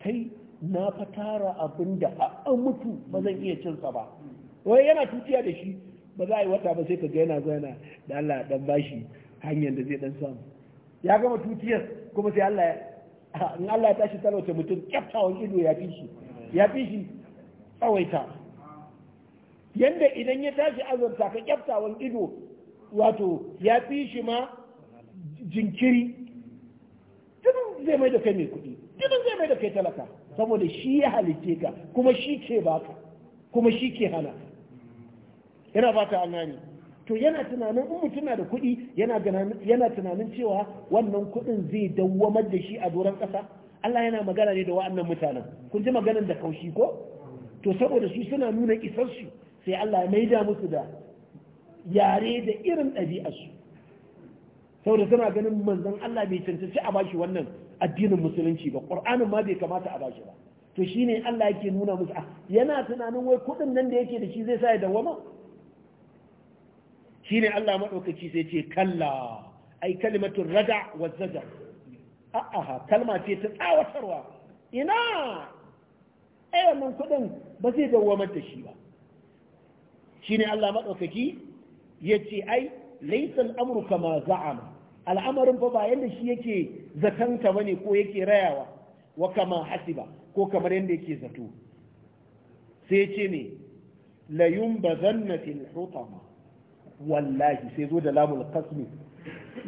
kai na fa tara abin da a mutu ba zan iya cinsa ba wai yana tutiya da shi ba za a yi wata ba sai ka ga yana zuwa da Allah dan bashi hanyar da zai dan samu ya gama tutiyar kuma sai Allah in Allah ya tashi talauta mutum kyaftawan ido ya fi shi ya fi shi tsawaita yanda idan ya tashi azurta ka kyaftawan ido wato ya fi shi ma jinkiri tunan zai mai da kai mai kuɗi tunan zai mai da kai talaka saboda shi ya halitte ka kuma shi ke baka kuma shi ke hana yana ba ta gane to yana tunanin in mutum na da kuɗi yana tunanin cewa wannan kuɗin zai dawwamar da shi a doron ƙasa Allah yana magana ne da wa'annan mutanen kun ji maganar da kaushi ko to saboda su suna nuna isar su sai Allah ya maida musu da yare da irin ɗabi'arsu saboda suna ganin manzon Allah bai cancanci a bashi wannan addinin musulunci ba ƙur'anin ma bai kamata a bashi ba to shine Allah yake nuna musu ah, yana tunanin wai kuɗin nan da yake da shi zai sa ya dawwama ne Allah madaukaki sai ce kalla ai kalimatu rada wa a'a kalma ce ta tsawatarwa ina ai wannan kuɗin ba zai dawamar da shi ba ne Allah ya yace ai laysa Amurka ma za'ama al'amarin ba yanda shi yake ba ne ko yake rayawa wa kama hasiba ko kamar yanda yake zato sai ce ne la yumbazanna fil hutama wallahi sai zo da lamul kasmi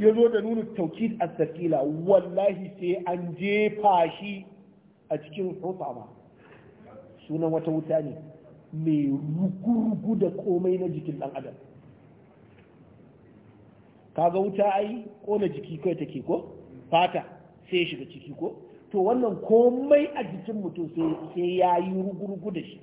ya zo da nuna taukid a sakila wallahi sai an jefa shi a cikin hutama sunan wata wuta ne mai rugurugu da komai na jikin dan adam kaga wuta ai kona jiki kai take ko fata sai shiga ciki ko to wannan komai a jikin mutum sai ya yi rugurugu da shi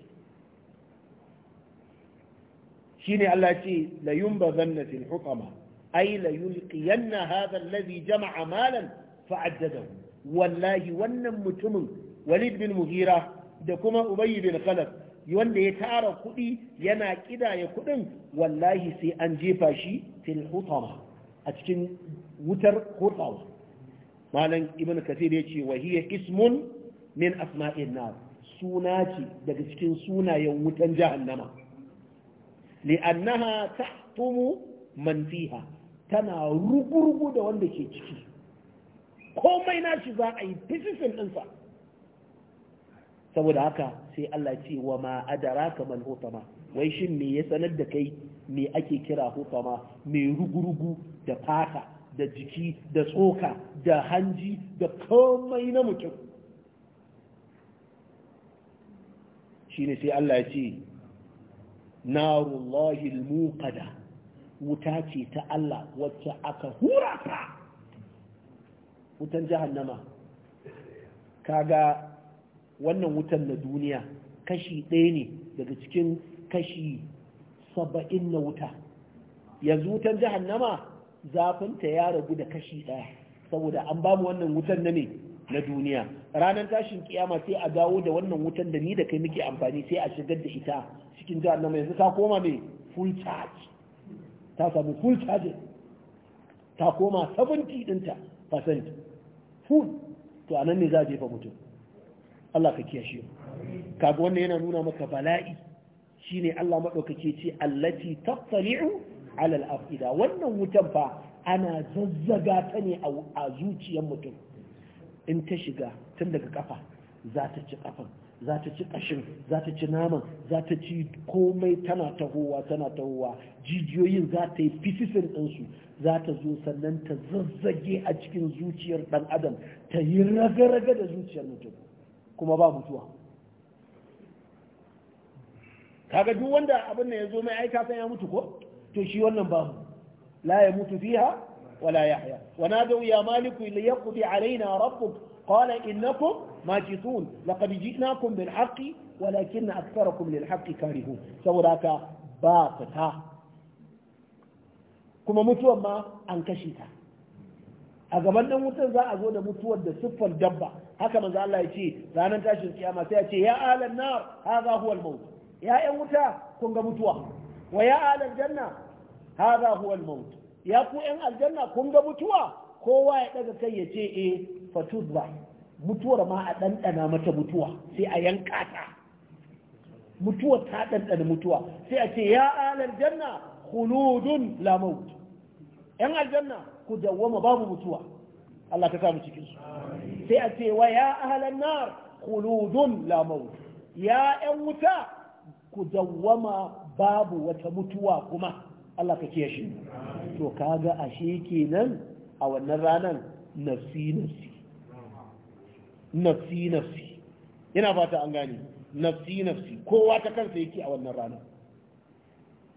shine Allah ce la yumbazanna ai hukama ay la yulqiyanna hadha alladhi jama'a malan fa'addadahu wallahi wannan mutumin Walid bin muhira da kuma Ubay bin Khalaf wanda ya tara kuɗi yana kidaya kuɗin wallahi sai an jefa shi fil hutama a cikin wutar hutawa malam ibn kathir ya ce wa hiya ismun min asma'in nar suna ce daga cikin sunayen wutan jahannama li'annaha tahtumu man fiha tana rugurugu da wanda ke ciki komai na shi za a yi fisisin ɗinsa saboda haka sai Allah ce wa ma adaraka man hutama wai shin me ya sanar da kai me ake kira hutama me rugurugu da fata da jiki da tsoka da hanji da komai na mutum shine sai Allah ya ce narullahi muqada wuta ce ta Allah wacce aka hura ta wutan jahannama kaga wannan wutan na duniya kashi ɗaya ne daga cikin kashi saba'in na wuta yanzu wutan jahannama zafinta ya ragu da kashi ɗaya saboda an bamu wannan wutan na ne na duniya ranar tashin kiyama sai a dawo da wannan wutan da ni da kai muke amfani sai a shigar da ita cikin jahannama yanzu ta koma mai full charge ta samu full charge ta koma 70 dinta percent full to nan ne za a jefa mutum Allah ka kiyashe kaga wannan yana nuna maka bala'i shine Allah madaukake ce allati taqtali'u ala al-afida wannan wutan fa ana zazzaga ta ne a zuciyar mutum in ta shiga tun daga kafa za ta ci kafan za ta ci kashin za ta ci naman za ta ci komai tana tahowa tana tahowa jijiyoyin za ta yi fisisin ɗinsu za ta zo sannan ta zazzage a cikin zuciyar ɗan adam ta yi raga-raga da zuciyar mutum kuma ba mutuwa kaga duk wanda abin da ya zo mai aika san ya mutu ko to shi wannan ba la ya mutu fiha wala yahya wa nadu ya maliku li yaqdi alaina rabbuk qala innakum makithun laqad ji'nakum bil haqqi walakin aktharakum lil haqqi karihun saboda ka ba fita kuma mutuwar ma an kashe ta a gaban ɗan wutar za a zo da mutuwar da siffan dabba haka manzo Allah ya ce ranar tashin kiyama sai yace, ce ya alan nar hadha huwa al maut ya yan wuta kun ga mutuwa wa ya alan janna hadha huwa al maut ya ku yan aljanna kun ga mutuwa kowa ya ɗaga kai ya ce eh fatudwa mutuwar ma a ɗanɗana mata mutuwa sai a yanka ta mutuwar ta ɗanɗana mutuwa sai a ce ya alar janna khuludun la maut yan aljanna ku dawwama babu mutuwa Allah ka samu cikin su sai a ce wa ya ahlan nar khuludun la maut ya yan wuta ku dawwama babu wata mutuwa kuma Allah ka kiyaye shi to kaga ashe kenan a wannan ranan nafsi nafsi nafsi nafsi ina fata an gane nafsi nafsi kowa ta kansa yake a wannan rana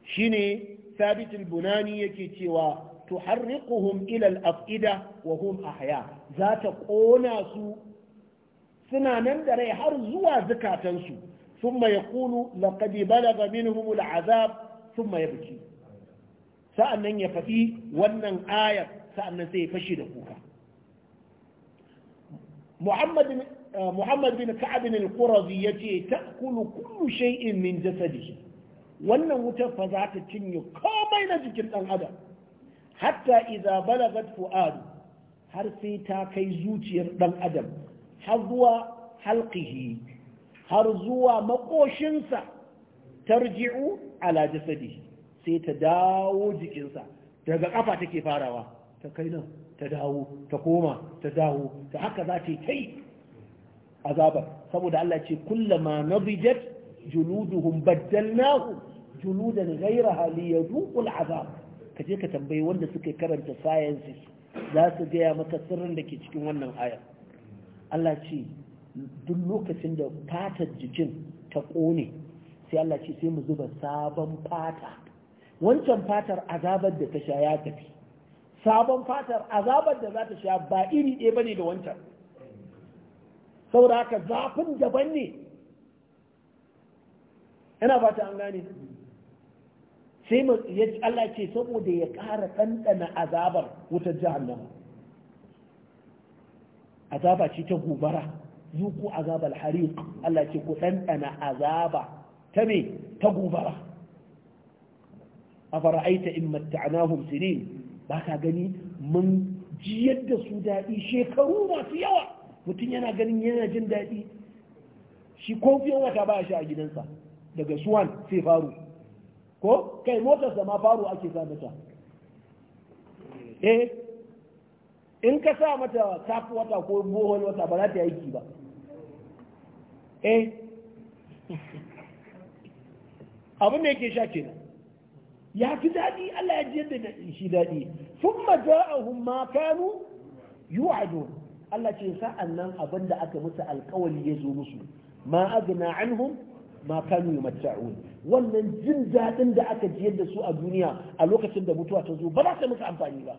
shine sabit al-bunani yake cewa tuharriquhum ila ilal afida wa hum ahya za ta kona su suna nan da rai har zuwa zukatansu ثم يقول لقد بلغ منهم العذاب ثم يبكي sa'annan ya faɗi wannan ayar sa'annan sai ya fashe da kuka Uh, muhammad bin ka'ab bin al-qurazi yace ta'kulu kullu shay'in min jasadihi wannan wutar fa za ta cinye komai na jikin ɗan adam hatta iza balagat fu'adu har sai ta kai zuciyar ɗan adam har zuwa halqihi har zuwa makoshinsa tarji'u ala jasadihi sai ta dawo jikinsa daga ƙafa take farawa ta kai nan ta dawo ta koma ta dawo ta haka za ta kai azabar saboda Allah ce kullama nabijat juluduhum baddalnahu juludan hali ya al'azab kaje ka tambayi wanda suka karanta sciences za su gaya maka sirrin da ke cikin wannan aya Allah ce duk lokacin da fatar jikin ta kone sai Allah ce sai mu zuba sabon fata wancan fatar azabar da ta sha ya tafi sabon fatar azabar da za ta sha ba iri ɗaya bane da wancan saboda haka zafin daban ne ina fata an gane sai Allah ce saboda ya ƙara ɗanɗana azabar wutar jahannama azaba ce ta gobara zuku azabar hariq Allah ce ku ɗanɗana azaba ta me ta gobara a fara'aita in matta'anahum sinin ba ka gani mun jiyar da su daɗi shekaru masu yawa mutum yana ganin yana jin daɗi shi ko fiye wata ba shi a gidansa daga suwan sai faru ko kai motarsa ma faru ake sa mata eh in ka sa mata tafi wata ko bohol wata ba za ta yi aiki ba eh <laughs> abin da yake sha kenan ya fi daɗi Allah ya ji yadda shi daɗi sun maja'ahun ma kanu yu'adu Allah ce sa'an nan abin da aka musu alkawali ya zo musu ma agna anhum ma kanu yumatta'un wannan jin daɗin da aka ji yadda su a duniya a lokacin da mutuwa ta zo ba za ta musu amfani ba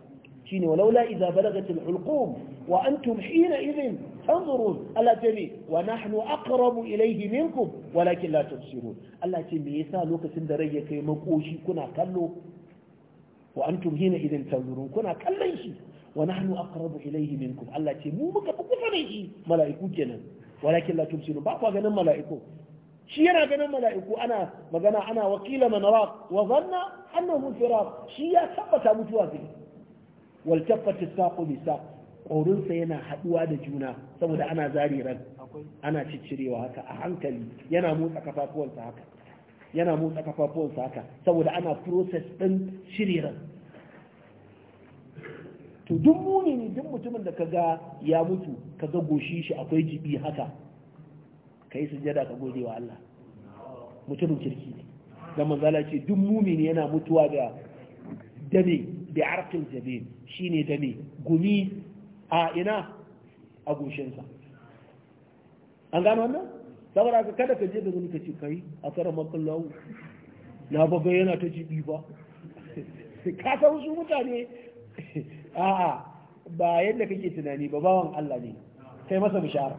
shine walaula idza balagatil hulqum wa antum hina idhin tanzurun Allah ce ne wa nahnu aqrabu ilayhi minkum walakin la tubsirun Allah ce me yasa lokacin da rai ya kai makoshi kuna kallo wa antum hina idhin tanzurun kuna kallon shi wa nahnu aqrabu ilayhi minkum Allah ce mu muka fi kusa da shi mala'iku kenan walakin la tubsirun ba kwa ganin mala'iku shi yana ganin mala'iku ana magana ana wakila manara wa zanna annahu firaq shi ya tabbata mutuwa zai wal taffati saqu bi saq ƙorinsa yana haduwa da juna saboda ana zari ran ana ciccirewa haka a hankali yana motsa kafafuwansa haka yana motsa kafafuwansa haka saboda ana process ɗin shiriran to duk muni duk mutumin da kaga ya mutu kaga goshi shi akwai jibi haka kai sujada ka gode wa Allah mutumin kirki ne dan manzala ce duk mumini yana mutuwa da dane bi arqil jabin shine da ne gumi a ina a goshinsa an gano wannan saboda ka kada ka je da wani ka ce kai a kara makallahu na baga yana ta jibi ba <laughs> ka san su mutane <laughs> a'a ba yadda kake tunani ba bawan Allah ne kai masa bishara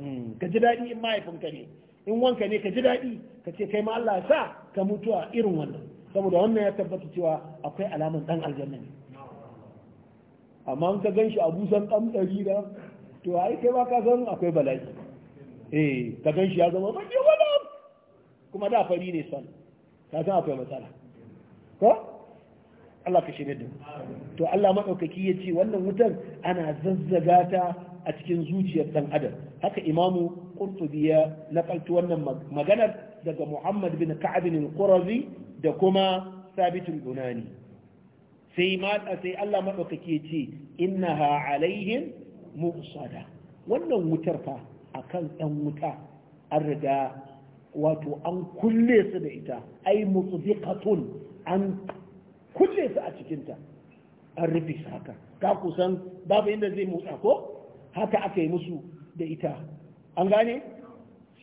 hmm, ka ji daɗi in mahaifinka ne in wanka ne ka ji daɗi ka ce kai ma Allah sa ka mutuwa irin wannan saboda wannan ya tabbata cewa akwai alamun dan aljanna ne amma ka gan shi a busan ɗan ɗari da to ai kai ba ka san akwai bala'i eh ka gan shi ya zama baki wala kuma da fari ne san ka san akwai matsala ko Allah ka shirya da to Allah maɗaukaki ya ce wannan wutar ana zazzaga ta a cikin zuciyar dan adam haka imamu qurtubi ya nakalci wannan maganar daga muhammad bin ka'ab bin qurazi da kuma sabit al sai ma sai Allah madaukake ce innaha alaihim mu'sada wannan wutar fa akan ɗan wuta an riga wato an kulle su da ita ai mutsubiqatun an kulle su a cikinta an rufe su haka ka kusan babu inda zai motsa ko haka aka yi musu da ita an gane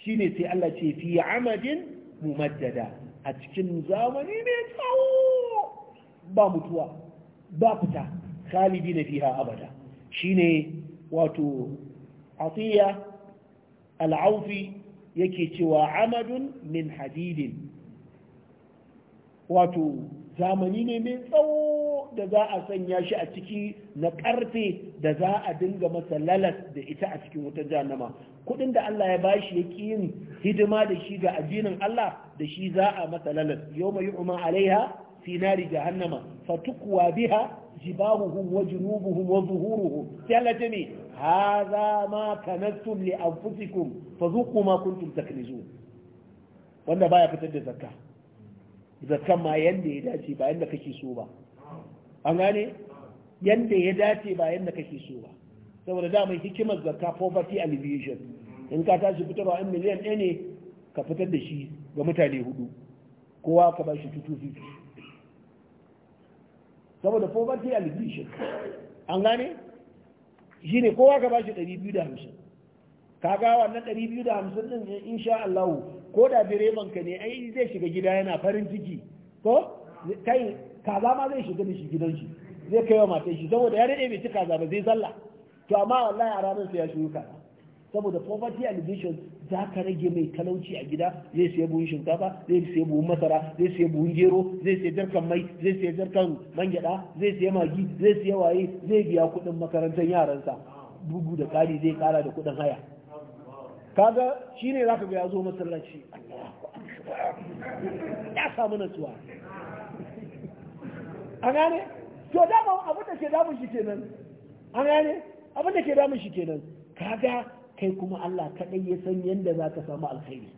shine sai Allah ce fi amadin mumaddada a cikin zamani mai tsawo ba mutuwa ba fita khalidi na fiha abada shine wato atiya al'aufi yake cewa amadun min hadidin wato zamani ne mai tsawo da za a sanya shi a ciki na karfe da za a dinga masa lalas da ita a cikin wutar janama. kudin da Allah ya bashi ya ƙi yin hidima da shi ga addinin Allah da shi za a masa lalas mai umar alaiha fi nari jahannama fatukwa biha jibahuhum wa junubuhum wa zuhuruhum sai Allah ta ne haza ma kanastum li anfusikum ma kuntum taknizun wanda baya fitar da zakka zakan ma yadda ya dace ba yadda kake so ba an gane yadda ya dace ba yadda kake so ba saboda damar hikimar zakka poverty alleviation in ka tashi fitarwa in miliyan ɗaya ne ka fitar da shi ga mutane hudu kowa ka ba shi fifi saboda poverty alleviation an gane shi ne kowa ka ba shi 250 kaga wannan 250 ɗin in sha Allah ko da direban ka ne ai zai shiga gida yana farin ciki ko kai kaza ma zai shiga da shi gidan shi zai kai wa matan shi saboda ya rade bai ci kaza ba zai sallah to amma wallahi a ranar sai ya shiru kaza saboda poverty alleviation za ka rage mai talauci a gida zai sai buhun shinkafa zai sai buhun masara zai sai buhun gero zai sai jarkan mai zai sai jarkan mangyada zai sai magi zai sai waye zai biya kuɗin makarantar yaransa bugu da kari zai kara da kuɗin haya kaga shi ne za ka ga ya zo masallaci ya samu natsuwa an gane to dama abin da ke damun shi kenan an gane abin da ke damun shi kenan kaga kai kuma Allah kaɗai ya san yadda za ka samu alkhairi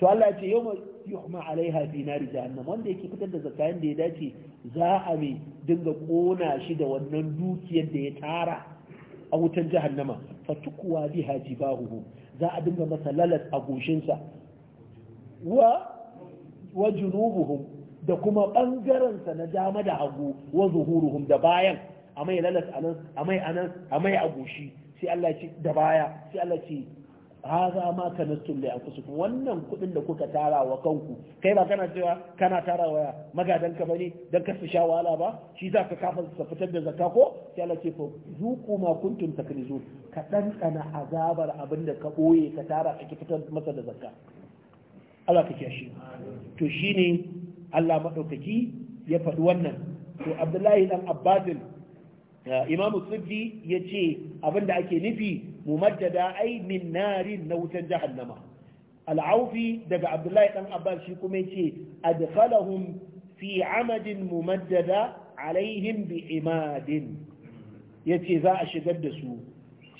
to Allah ya ce yau ma yuhma alaiha fi nari jahannam wanda yake fitar da zakayen da ya dace za a mai dinga kona shi da wannan dukiyar da ya tara a wutar jahannama fatukuwa biha jibahuhu za a dinga masa lalat a goshinsa wa wa junubuhum da kuma ɓangarensa na dama da hagu wa zuhuruhum da bayan amai lalat anan amai anan amai a goshi sai Allah ce da baya sai Allah ce haza ma kanastum li anfusikum wannan kudin da kuka tara wa kanku kai ba kana cewa kana tara wa magadan ka bane dan ka sha wahala ba shi za ka kafa ka fitar da zakka ko sai Allah ce fa zuqu ma kuntum takrizu ka ɗanɗana azabar abinda ka boye ka tara ka fitar masa da zakka Allah ka kiyaye to shine Allah madaukaki ya faɗi wannan to Abdullahi dan Abbadin imamu suddi ya ce abinda ake nufi mumaddada ai min narin na wutan jahannama al'aufi daga abdullahi dan abbas shi kuma ya ce adkhalahum fi amadin mumaddada alaihim bi imadin ya ce za a shigar da su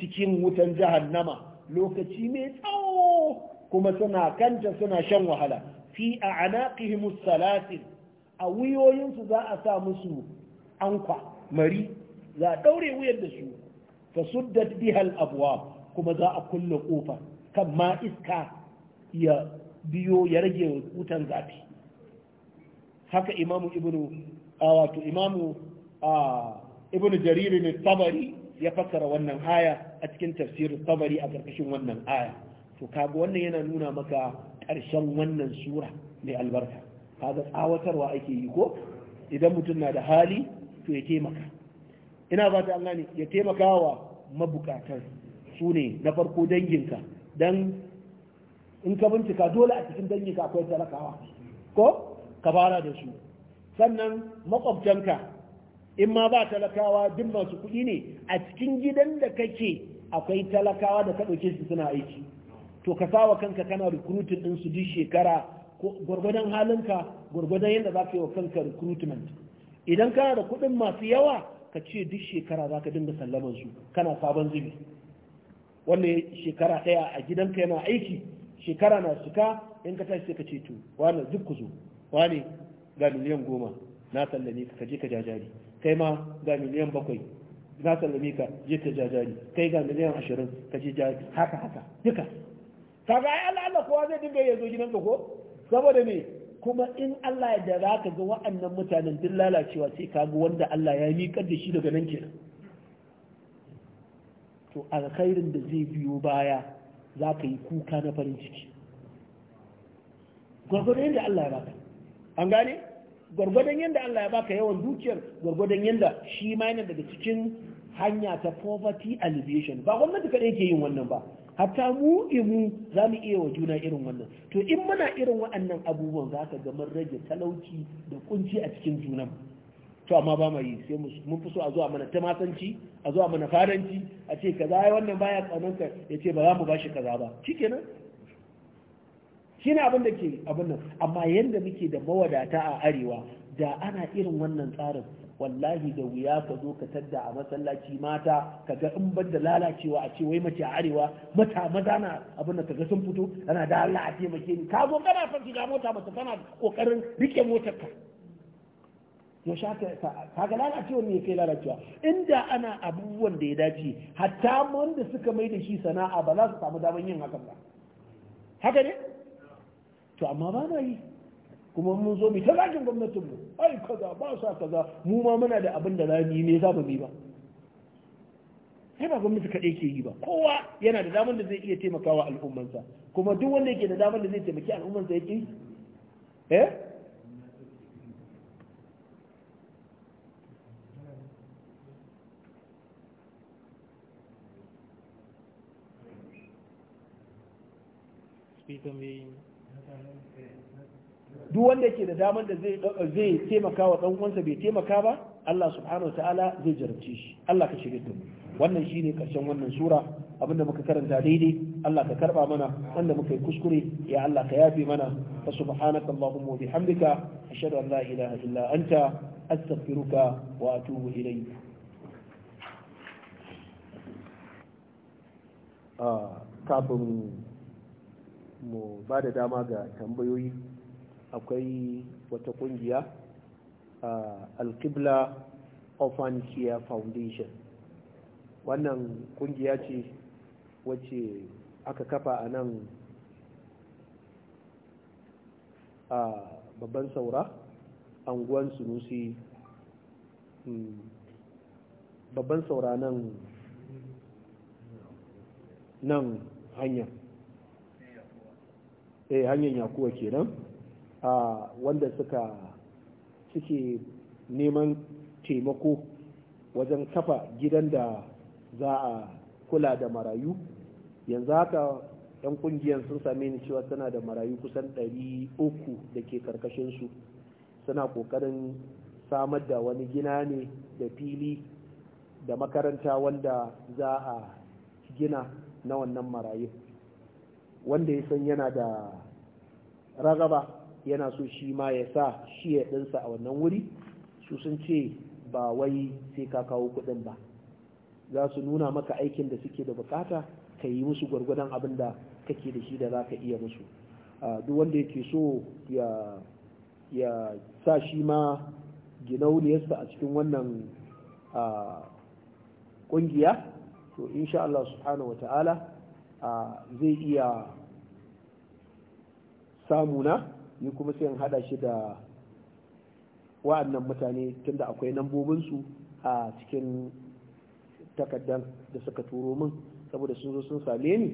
cikin wutan jahannama lokaci mai tsawo kuma suna kanta suna shan wahala fi a anaƙihimus salatin a wuyoyinsu za a sa musu ankwa mari za a ɗaure wuyan da su fa suddat bihal abwa kuma za a kulle kofa kan ma iska ya biyo ya rage wutan zafi haka imamu ibnu a wato imamu a ibnu jarir ne tabari ya fassara wannan aya a cikin tafsirin tabari a karkashin wannan aya to kaga wannan yana nuna maka ƙarshen wannan sura mai albarka kaga tsawatarwa ake yi ko idan mutum na da hali to ya taimaka ina ba ta Allah ne ya wa mabukatar su ne na farko danginka dan in ka bincika dole a cikin danginka akwai talakawa ko ka fara da su sannan makwabtanka in ma ba talakawa duk masu kuɗi ne a cikin gidan da kake akwai talakawa da ka ɗauke su suna aiki to ka sawa kanka kana rikrutin ɗin su duk shekara gwargwadon halinka gwargwadon yadda za ka yi wa kanka recruitment idan kana da kuɗin masu yawa ka ce duk shekara za ka dinga sallaman su kana sabon zubi wannan shekara ɗaya a gidanka yana aiki shekara na suka, in ka tashi sai ka ce to wani duk ku zo wani ga miliyan goma na sallame ka je ka jajari kai ma ga miliyan bakwai na sallame ka je ka jajari kai ga miliyan ashirin ka je jajari haka haka duka kaga ai Allah Allah kowa zai dinga ya zo gidanka ko saboda me kuma in Allah ya da ka ga wa'annan mutanen duk lalacewa sai ka ga wanda Allah ya yi da shi daga nan kenan to alkhairin da zai biyo baya za ka yi kuka na farin ciki gwargwadon yadda Allah ya baka an gane gwargwadon yadda Allah ya baka yawan dukiyar gwargwadon yadda shi ma yana daga cikin hanya ta poverty alleviation ba gwamnati kaɗai ke yin wannan ba hatta mu imu za mu iya wa juna irin wannan to in muna irin waɗannan abubuwan za ka ga rage talauci da kunci a cikin junan to amma ba yi sai mun fi so a zuwa mana tamasanci a zuwa mana faranci a ce kaza ai wannan baya kaunan ya ce ba za mu bashi kaza ba nan, shine abin da ke abin nan amma yadda muke da mawadata a arewa da ana irin wannan tsarin wallahi da wuya ka zo ka tadda a masallaci mata kaga in bar da lalacewa a ce wai mace arewa mata maza na abin da kaga sun fito ana da Allah a taimake ni ka zo kana son shiga mota mata kana kokarin rike motar ka ya sha kaga lalacewa ne kai lalacewa inda ana abubuwan da ya dace hatta wanda suka mai da shi sana'a ba za su samu daman yin hakan ba haka ne to amma ba na yi kuma mun zo mu ta zakin gwamnatin mu ai kaza ba sa kaza mu ma muna da abin da zamu yi me za mu yi ba sai ba gwamnati kaɗai ke yi ba kowa yana da damar da zai iya taimakawa al'ummansa kuma duk wanda yake da damar da zai taimaki al'ummansa yake eh Speak duk wanda yake da damar da zai taimaka wa dan uwansa bai taimaka ba Allah subhanahu wa ta'ala zai jarabce shi Allah ka shirye da mu wannan shine karshen wannan sura abinda muka karanta daidai Allah ka karba mana wanda muka yi kuskure ya Allah ka yafe mana fa subhanaka allahumma wa bihamdika ashhadu an la ilaha illa anta astaghfiruka wa atubu ilayk ah, kafin mu ba da dama ga tambayoyi akwai wata kungiya alkibla orphan care foundation wannan kungiya ce wacce aka kafa a nan a babban saura anguwan sunusi hmm. babban saura nan nan hanyar eh hanyar yakuwa kenan wanda suka suke neman taimako wajen kafa gidan da za a kula da marayu yanzu haka 'yan kungiyar sun same ni cewa tana da marayu kusan 300 da ke karkashinsu suna kokarin samar da wani gina ne da fili da makaranta wanda za a gina na wannan marayu wanda ya san yana da ragaba yana so shi ma ya sa shi ya ɗinsa a wannan wuri su sun ce ba wai sai ka kawo kuɗin ba za su nuna maka aikin da suke da bukata ka yi musu gwargwadon abin da kake da shi da za ka iya musu duk wanda yake so ya sa shi ma ginauniyarsa a cikin wannan ƙungiya to insha Allah subhanahu wa ta'ala zai iya samuna ni kuma sai in hada shi da wa'annan mutane tunda akwai lambobinsu a cikin takaddan da suka turo min saboda sun zo sun same ni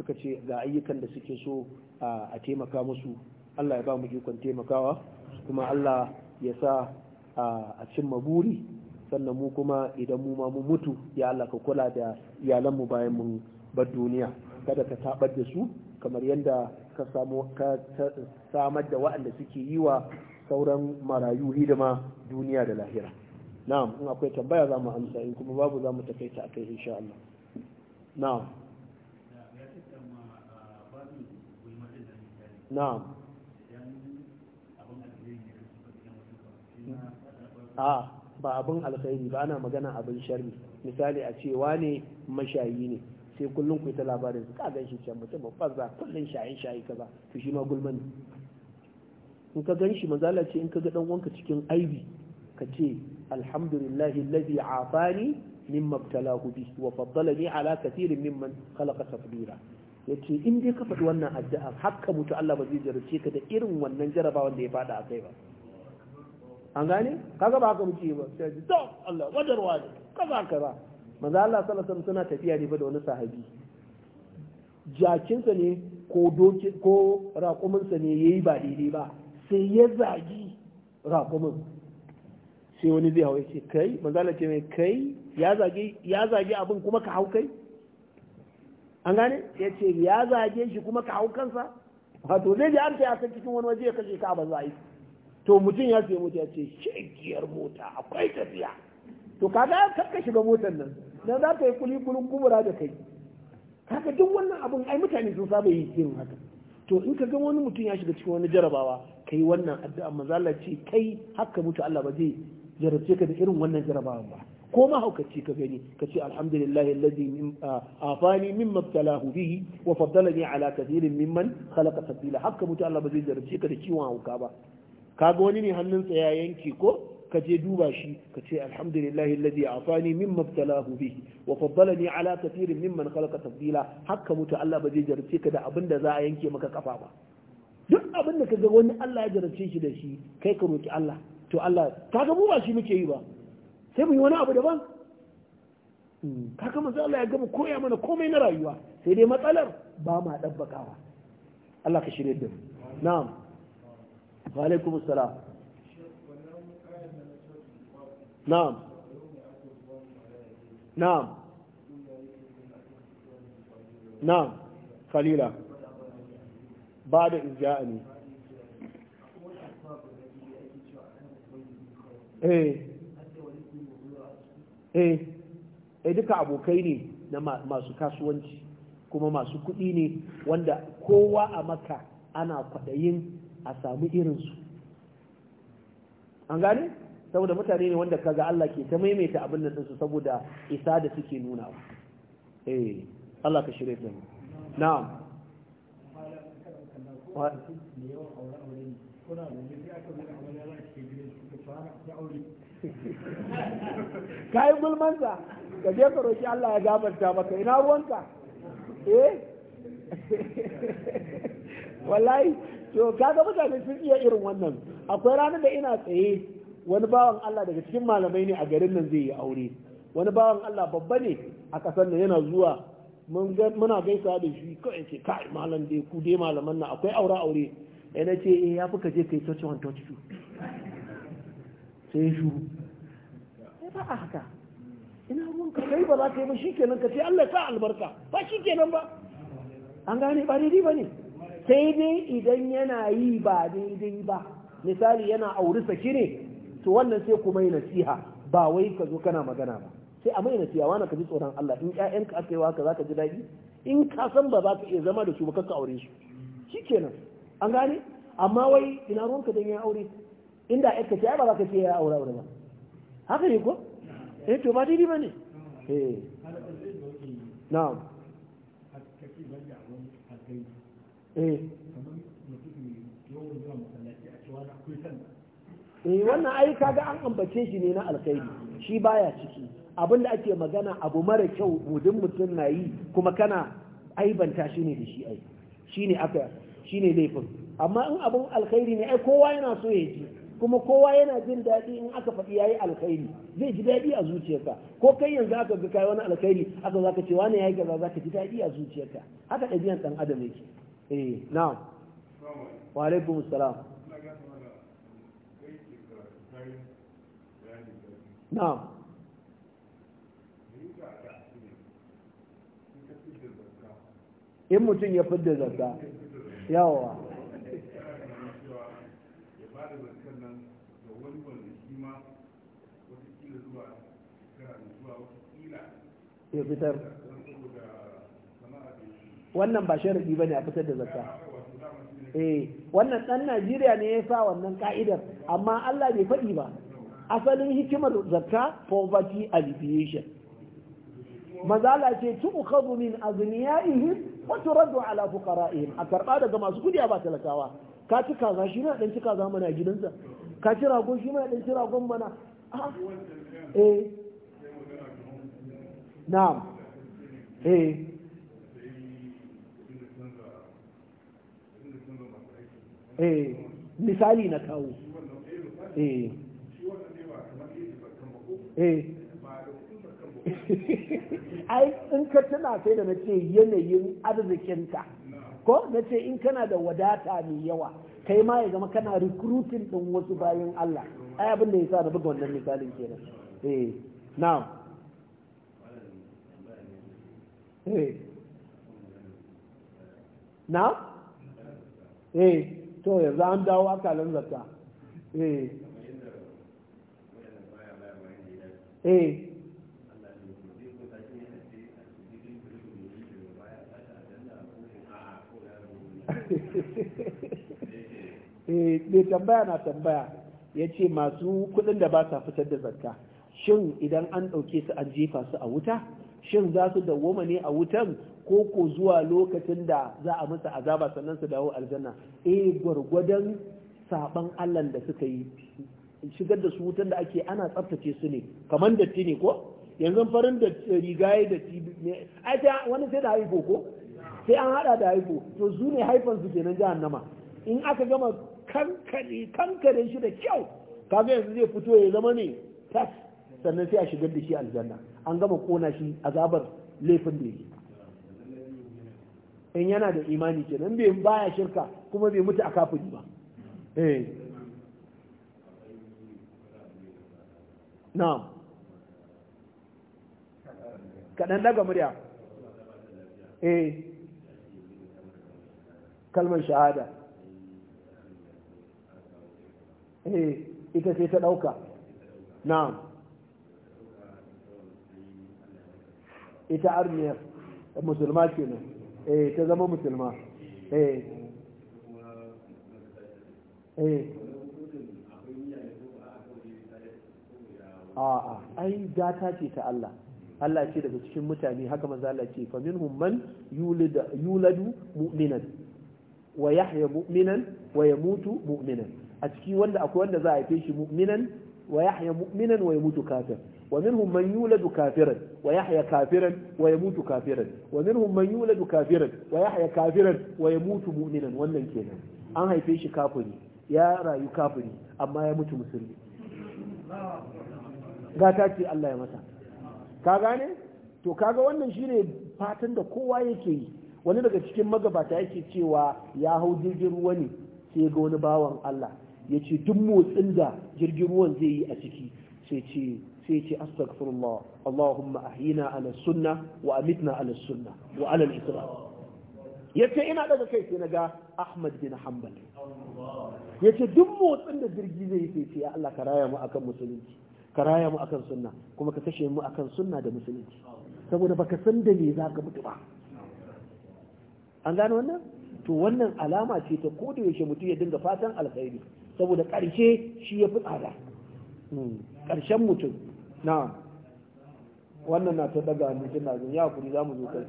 suka ce ga ayyukan da suke so a taimaka musu Allah ya ba mu ikon taimakawa kuma Allah ya sa a cimma buri sannan mu kuma idan mu ma mun mutu ya Allah ka kula da iyalanmu bayan mun bar duniya kada ka tabar da su kamar yadda ka samar da waɗanda suke yi wa sauran marayu hidima duniya da lahira na'am in akwai tambaya za mu amsa in kuma babu za mu takaita kai insha Allah na'am na'am a ba abin alkhairi ba ana magana abin sharri misali a cewa ne mashayi ne sai kullum ku yi ta labarin su ka shi can mutum babban za kullum shayin shayi kaza to shi ma gulma ne in ka gan shi mazala ce in ka ga dan wanka cikin aibi ka ce alhamdulillahi alladhi afani min mabtala bi wa faddalani ala kathirin mimman khalaqa tafdila yace in dai ka faɗi wannan addu'a hakka mutu Allah ba zai jarrace ka da irin wannan jarabawan da ya faɗa a kai ba an gane kaga ba haka yi ba sai to Allah wadarwa ne kaza kaza manzo Allah sallallahu alaihi wasallam suna tafiya ne fa da wani sahabi jakinsa ne ko doki ko raƙuminsa ne yayi ba daidai ba sai ya zagi raƙumin sai wani zai hawo ya ce kai manzo Allah ce mai kai ya zage ya zage abin kuma ka hau kai an gane ya ce ya zage shi kuma ka hau kansa wato zai ji an ya san cikin wani waje ya kashe ka ba za to mutum ya sai mota ya ce shegiyar mota akwai tafiya to kaga ka shiga motar nan Na za ka yi kuli kulun kubura da kai haka duk wannan abun ai mutane sun saba yi irin haka to in ka ga wani mutum ya shiga cikin wani jarabawa kai wannan addu'a manzo ce kai haka mutu Allah ba zai jarabce ka da irin wannan jarabawan ba ko mahaukaci ka gani ka ce alhamdulillah alladhi afani min ibtalahu bihi wa faddalani ala kathirin mimman khalaqa tabdila haka mutu Allah ba zai jarabce ka da ciwon hauka ba kaga wani ne hannunsa ya yanke ko ka je duba shi ka ce alhamdulillahi alladhi afani mimma ibtalahu bihi wa faddalani ala kathirin mimman khalaqa tafdila hakka mutu Allah ba zai jarce ka da abin da za a yanke maka kafa ba duk abin da kaga wani Allah ya jarce shi da shi kai ka roki Allah to Allah kaga mu ba shi muke yi ba sai mu yi wani abu daban hmm, kaga manzo Allah ya gama koya mana komai na rayuwa sai dai matsalar ba ma dabbakawa Allah ka shirye da mu na'am wa alaikumus salam na'am na'am na'am kalila ba da izja'ani eh. eh eh duka abokai ne na masu kasuwanci kuma masu kuɗi ne wanda kowa a maka ana kwaɗayin a samu irinsu an gane? saboda mutane ne wanda kaga Allah ke ta maimaita abin nan su saboda isa da suke nuna eh Allah ka shirye ta na'am <laughs> kayan sa, ka je ka roki Allah ya gafarta maka ina ruwanka eh <laughs> wallahi to kaga mutane sun iya irin wannan akwai ranar da ina tsaye wani bawan Allah daga cikin malamai ne a garin nan zai yi aure wani bawan Allah babba ne a ƙasar nan yana zuwa muna gaisa da shi kawai ce kai malam dai ku dai malaman nan akwai aure aure ya na ce eh ya fi ka je kai touch one touch two sai shuru Ya eh, ba a haka ina ruwan ka kai ba za ka yi ba shikenan ka ce Allah ka albarka ba shikenan ba an gane ba daidai ba ne sai dai idan yana yi ba daidai ba misali yana aure sake ne to wannan sai ku mai nasiha ba wai ka zo kana magana ba sai a mai nasiha wani ka ji tsoron Allah in ƴaƴanka aka yi wa za ka ji daɗi in ka san ba za ka iya zama da su ba ka aure su shikenan an gane amma wai ina ruwanka don ya aure inda aka ce ai ba za ka ce ya aure aure ba haka ne ko eh to ba daidai ba ne eh na'am eh eh wannan ai kaga an ambace shi ne na alkhairi shi baya ciki abin da ake magana abu mara kyau budin mutum na yi kuma kana aibanta shi ne da shi ai shine aka shine laifin amma in abun alkhairi ne ai kowa yana so ya ji kuma kowa yana jin daɗi in aka faɗi yayi alkhairi zai ji daɗi a zuciyarka ko kai yanzu aka ga kai wani alkhairi aka zaka ce wani yayi gaza zaka ji daɗi a zuciyarka haka ɗabi'an ɗan adam yake eh na'am wa alaikum assalam na'am in mutum ya fidda zakka yawa ya fitar wannan ba sharadi ne a fitar da zakka eh wannan dan Najeriya ne ya sa wannan ka'idar amma Allah bai faɗi ba asalin hikimar zakka poverty alleviation mazala ce tu'khadhu min aghniyaihim wa turaddu ala fuqara'ihim a karba daga masu kudi a ba talakawa ka ci kaza shi na dan ci kaza mana gidansa ka ci rago shi ma dan ci ragon mana ah. eh na'am eh eh misali na kawo eh eh <laughs> ai in ka tana sai da nace yanayin arzikinka ko nace in kana da wadata mai yawa kai ma ya zama kana recruiting din wasu bayan Allah ai abin da yasa da buga wannan misalin kenan eh now eh na'am eh to yanzu an dawo akalan zakka eh eh, <laughs> eh mai tambaya na tambaya ya ce masu kudin da ba sa fitar da zakka shin idan an ɗauke su an jefa su a wuta shin za su dawwama ne a wutan ko ko zuwa lokacin da za a musu azaba sannan su dawo aljanna eh gwargwadon saban Allah da suka yi shigar da su wutan da ake ana tsaftace su ne kamar datti ne ko yanzu farin da riga da datti ne ai wani sai da haifo ko sai an hada da haifo to su ne haifan su kenan jahannama in aka gama kankare kankare shi da kyau kaga yanzu zai fito ya zama ne tas sannan sai a shigar da shi aljanna an gama kona shi azabar laifin da yake in yana da imani kenan bai baya shirka kuma bai mutu a kafin. ba eh. na'am kaɗan daga murya eh kalmar shahada eh ita sai ta ɗauka na'am ita armiyar musulma kenan eh ta zama musulma eh eh a ai gata ce ta Allah Allah ce daga cikin mutane haka maza Allah ce fa minhum man yuladu mu'minan wa yahya mu'minan wa yamutu mu'minan a ciki wanda akwai wanda za a haife shi mu'minan wa yahya mu'minan wa yamutu kafir ومنهم من يولد كافرا ويحيى كافرا ويموت كافرا ومنهم من يولد كافرا ويحيى كافرا ويموت مؤمنا wannan kenan an haife shi kafiri ya rayu kafiri amma ya mutu musulmi gata ce Allah ya masa ka gane to kaga wannan shine fatan da kowa yake yi wani daga cikin magabata yake cewa ya hau jirgin ruwa ne sai ga wani bawan Allah Yace duk motsin da jirgin ruwan zai yi a ciki sai ce sai ce astaghfirullah Allahumma ahyina ala sunna wa amitna ala sunna wa ala al-islam yace ina daga kai sai naga Ahmad bin Hanbal yace duk motsin da jirgi zai sai ce ya Allah ka raya mu akan musulunci ka raya mu akan sunna kuma ka kashe mu akan sunna da musulunci saboda baka san da me zaka mutu ba an gano wannan to wannan alama ce ta koda yaushe mutum ya dinga fatan alkhairi saboda karshe shi ya fi tsada hmm, ƙarshen mutum na wannan na ta daga hannun na ya kuri za mu zo kai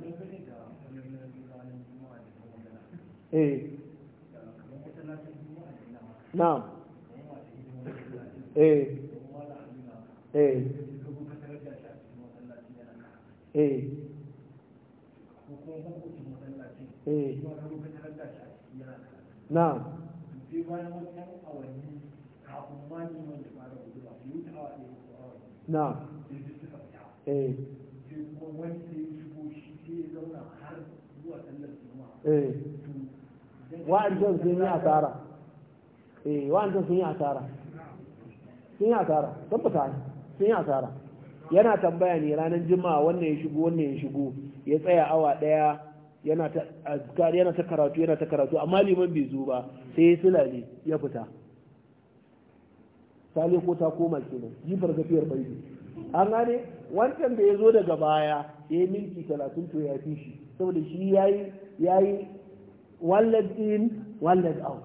eh na eh eh eh eh na na eh. eh wa'ancan sun yi asara eh wa'ancan sun yi asara sun yi asara tabbata yana tambaya ne ranar juma'a wannan ya shigo wannan ya shigo ya tsaya awa daya yana ta karatu yana ta karatu amma liman bai zo ba sai ya sulale ya fita sale ko ta koma kenan jifar gafiyar bai an gane wancan da ya zo daga baya ya yi minti talatin to ya fi shi saboda shi ya yi one leg in one leg out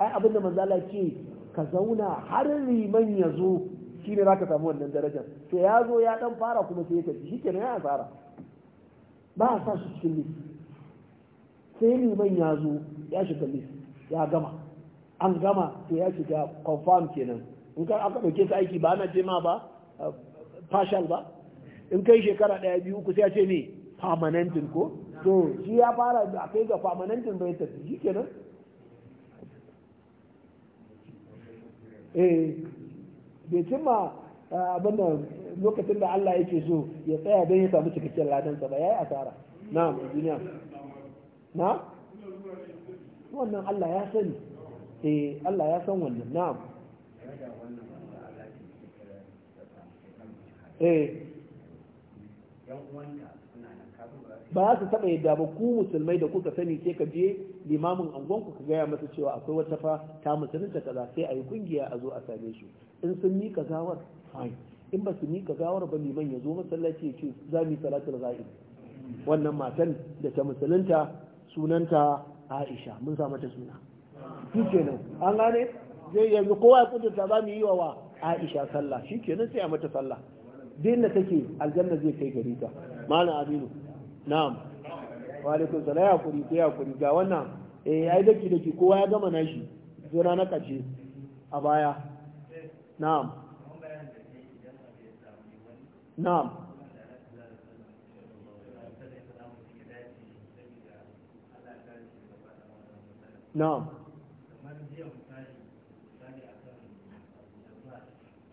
ai abin da manzala ce ka zauna har liman ya zo shi ne za ka samu wannan darajar to ya zo ya dan fara kuma sai ya tafi shi kenan ya asara ba a sa shi cikin list sai liman ya zo ya shiga list ya gama an gama to ya shiga confirm kenan in ka aka ɗauke su aiki ba na ce ma ba partial ba in kai shekara ɗaya biyu uku sai ce ne permanent ko to shi ya fara a kai ga permanent bai ta shi kenan eh bai cimma abin da lokacin da Allah yake so ya tsaya don ya samu cikakken ladansa ba ya yi asara na duniya na wannan Allah ya sani eh Allah ya san wannan na'am eh ba su taɓa yadda ba ku musulmai da kuka sani sai ka je limamin angonku ka gaya masa cewa akwai wata fa ta musulunta kaza sai a yi kungiya a zo a same shi in sun mika gawar fine in ba su mika gawar ba liman ya zo masallaci ya ce za mu yi salatul ghaib wannan matan da ta musulunta sunanta Aisha mun sa mata suna shikenan an gane zai yanzu kowa ya kudurta za mu yi wa Aisha sallah shikenan sai a mata sallah din da take aljanna zai kai gari ta malam aminu na'am wa alaikum salam ya kuri ko ya kuri ga wannan eh ai daki daki kowa ya gama nashi zura na kace a baya na'am na'am na'am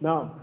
na'am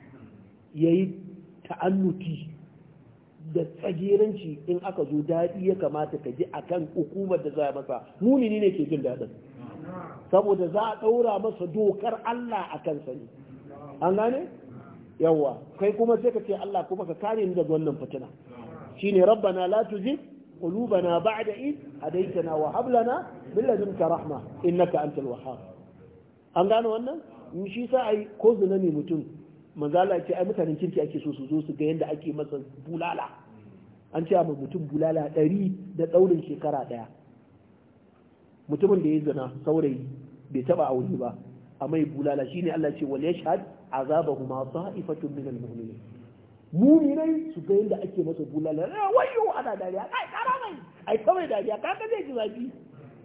ya yi ta'annuti da tsagiranci in aka zo daɗi ya kamata ka ji akan hukumar da za a masa munini ne ke jin daɗin saboda za a ɗaura masa dokar Allah a kansa ne an gane yawa kai kuma sai ka ce Allah kuma ka kare ni daga wannan fitina shine rabbana la tuzigh qulubana ba'da id hadaytana wa hab lana min ladunka rahma innaka antal wahhab an gane wannan shi sa ai ko zina ne mutum manzala ce ai mutanen kirki ake so su zo su ga yadda ake masa bulala an ce ma mutum bulala ɗari da ɗaurin shekara ɗaya mutumin da ya zina saurayi bai taɓa aure ba a mai bulala shine Allah ce wal yashhad azabahu ma sa'ifatun min al-mu'minin muminai su ga yadda ake masa bulala eh, wayo ana dariya kai ƙara mai ai kawai dariya kaka zai ji zafi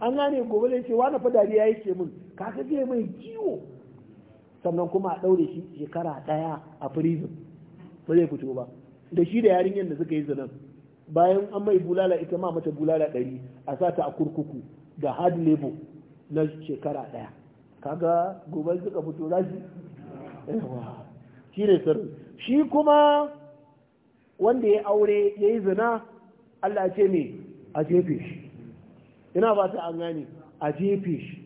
an gane gobe ne ce wani fa dariya yake min kaka zai mai ciwo sannan kuma a ɗaure shi shekara ɗaya a prison ba zai fito ba da shi da yarinyar da suka yi zanen bayan an mai bulala ita ma mata bulala ɗari a sa ta a kurkuku da hard labor na shekara ɗaya kaga gobe suka fito za shi shi ne sirri shi kuma wanda ya aure ya yi zina Allah ce ne a jefe shi ina ba ta an gane a jefe shi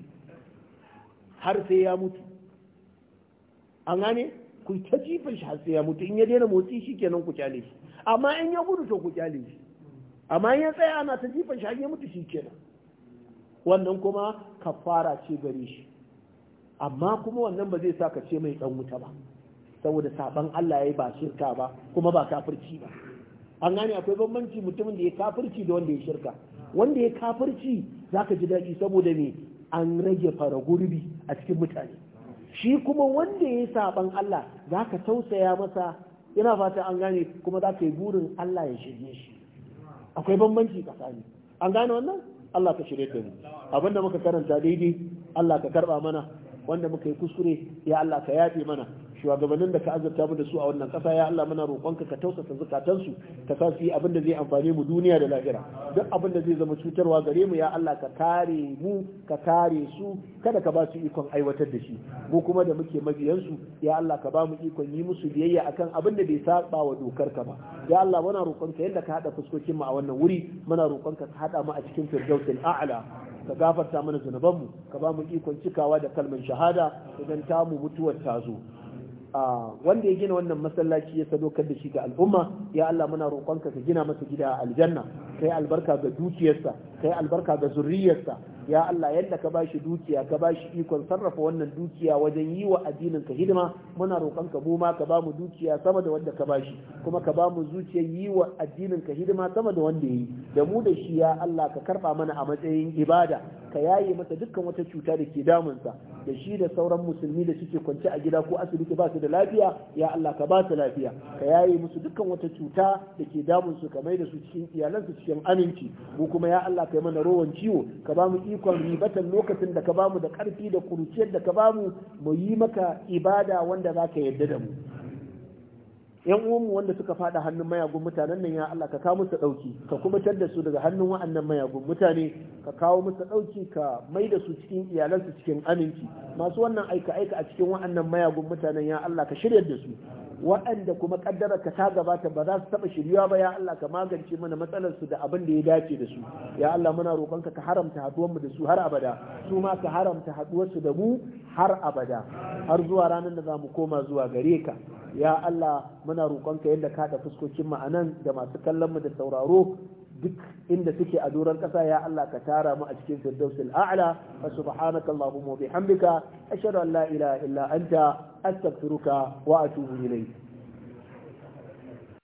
har sai ya mutu an gane ku ta jifin shi har ya mutu in ya daina motsi shi kenan ku kyale shi amma in ya gudu to ku kyale shi amma in ya tsaya ana ta jifin shi ya mutu shi kenan wannan kuma kafara ce gare shi amma kuma wannan ba zai sa ka ce mai dan wuta ba saboda saban Allah ya yi ba shirka ba kuma ba kafirci ba an gane akwai bambanci mutumin da ya kafirci da wanda ya shirka wanda ya kafirci zaka ji daɗi saboda me an rage fara gurbi a cikin mutane shi kuma wanda ya yi saɓan Allah za ka tausaya masa yana fata an gane kuma za ka yi burin Allah ya shirye shi akwai bambanci tsakani an gane wannan Allah ka shirye da mu abinda muka karanta daidai Allah ka karba mana wanda muka yi kuskure ya Allah ka yafe mana shugabannin da ka azabta mu da su a wannan ƙasa ya Allah muna roƙonka ka tausasa zukatansu ka sa su yi abin da zai amfane mu duniya da lahira duk abin da zai zama cutarwa gare mu ya Allah ka kare mu ka kare su kada ka ba su ikon aiwatar da shi mu kuma da muke mabiyansu ya Allah ka ba mu ikon yi musu biyayya akan abin da bai saba wa dokar ka ba ya Allah muna roƙonka yadda ka hada fuskokin mu a wannan wuri muna roƙonka ka hada mu a cikin firdausil a'la ka gafarta mana zunubanmu ka ba mu ikon cikawa da kalmar shahada idan tamu mutuwar ta zo wanda ya gina wannan masallaci ya sadaukar da shi ga al'umma ya Allah muna roƙonka ka gina masa gida a aljanna sai albarka ga dukiyarsa yi albarka ga zurriyarsa ya Allah yadda ka bashi dukiya ka bashi ikon sarrafa wannan dukiya wajen yi wa addinin ka hidima muna roƙon ka mu ma ka ba mu dukiya sama da wanda ka bashi kuma ka ba mu zuciyar yi wa addinin ka hidima sama da wanda yi, da mu da shi ya Allah ka karba mana a matsayin ibada ka yaye masa dukkan wata cuta da ke damunsa da shi da sauran musulmi da suke kwance a gida ko asibiti ba su da lafiya ya Allah ka ba su lafiya ka yaye musu dukkan wata cuta da ke damunsu ka mai da su cikin iyalansu cikin aminci mu kuma ya Allah ka yi mana rowan ciwo ka bamu ikon ribatan lokacin da ka bamu da ƙarfi da kuruciyar da ka ba mu yi maka ibada wanda za ka yarda da mu yan uwanmu wanda suka faɗa hannun mayagun mutanen nan ya Allah ka kawo musu ɗauki, ka kuma tar da su daga hannun wa'annan mayagun mutane ka kawo musu ɗauki, ka mai da su cikin iyalansu cikin aminci masu wannan aika aika a cikin wa'annan mayagun mutanen ya Allah ka shirya da su waɗanda kuma ƙaddarar ka ta gabata ba za su taɓa shiryuwa ba ya Allah ka magance mana matsalar su da abin da ya dace da su ya Allah muna roƙonka ka haramta haɗuwar mu da su har abada su ma ka haramta haɗuwarsu da mu har abada har zuwa ranar da za mu koma zuwa gare ka ya Allah muna roƙonka yadda ka da fuskokin mu anan da masu kallon mu da sauraro duk inda suke a doron ƙasa ya Allah ka tara mu a cikin firdausul a'la wa subhanaka allahumma wa bihamdika ashhadu an la ilaha illa anta astaghfiruka wa atubu ilayk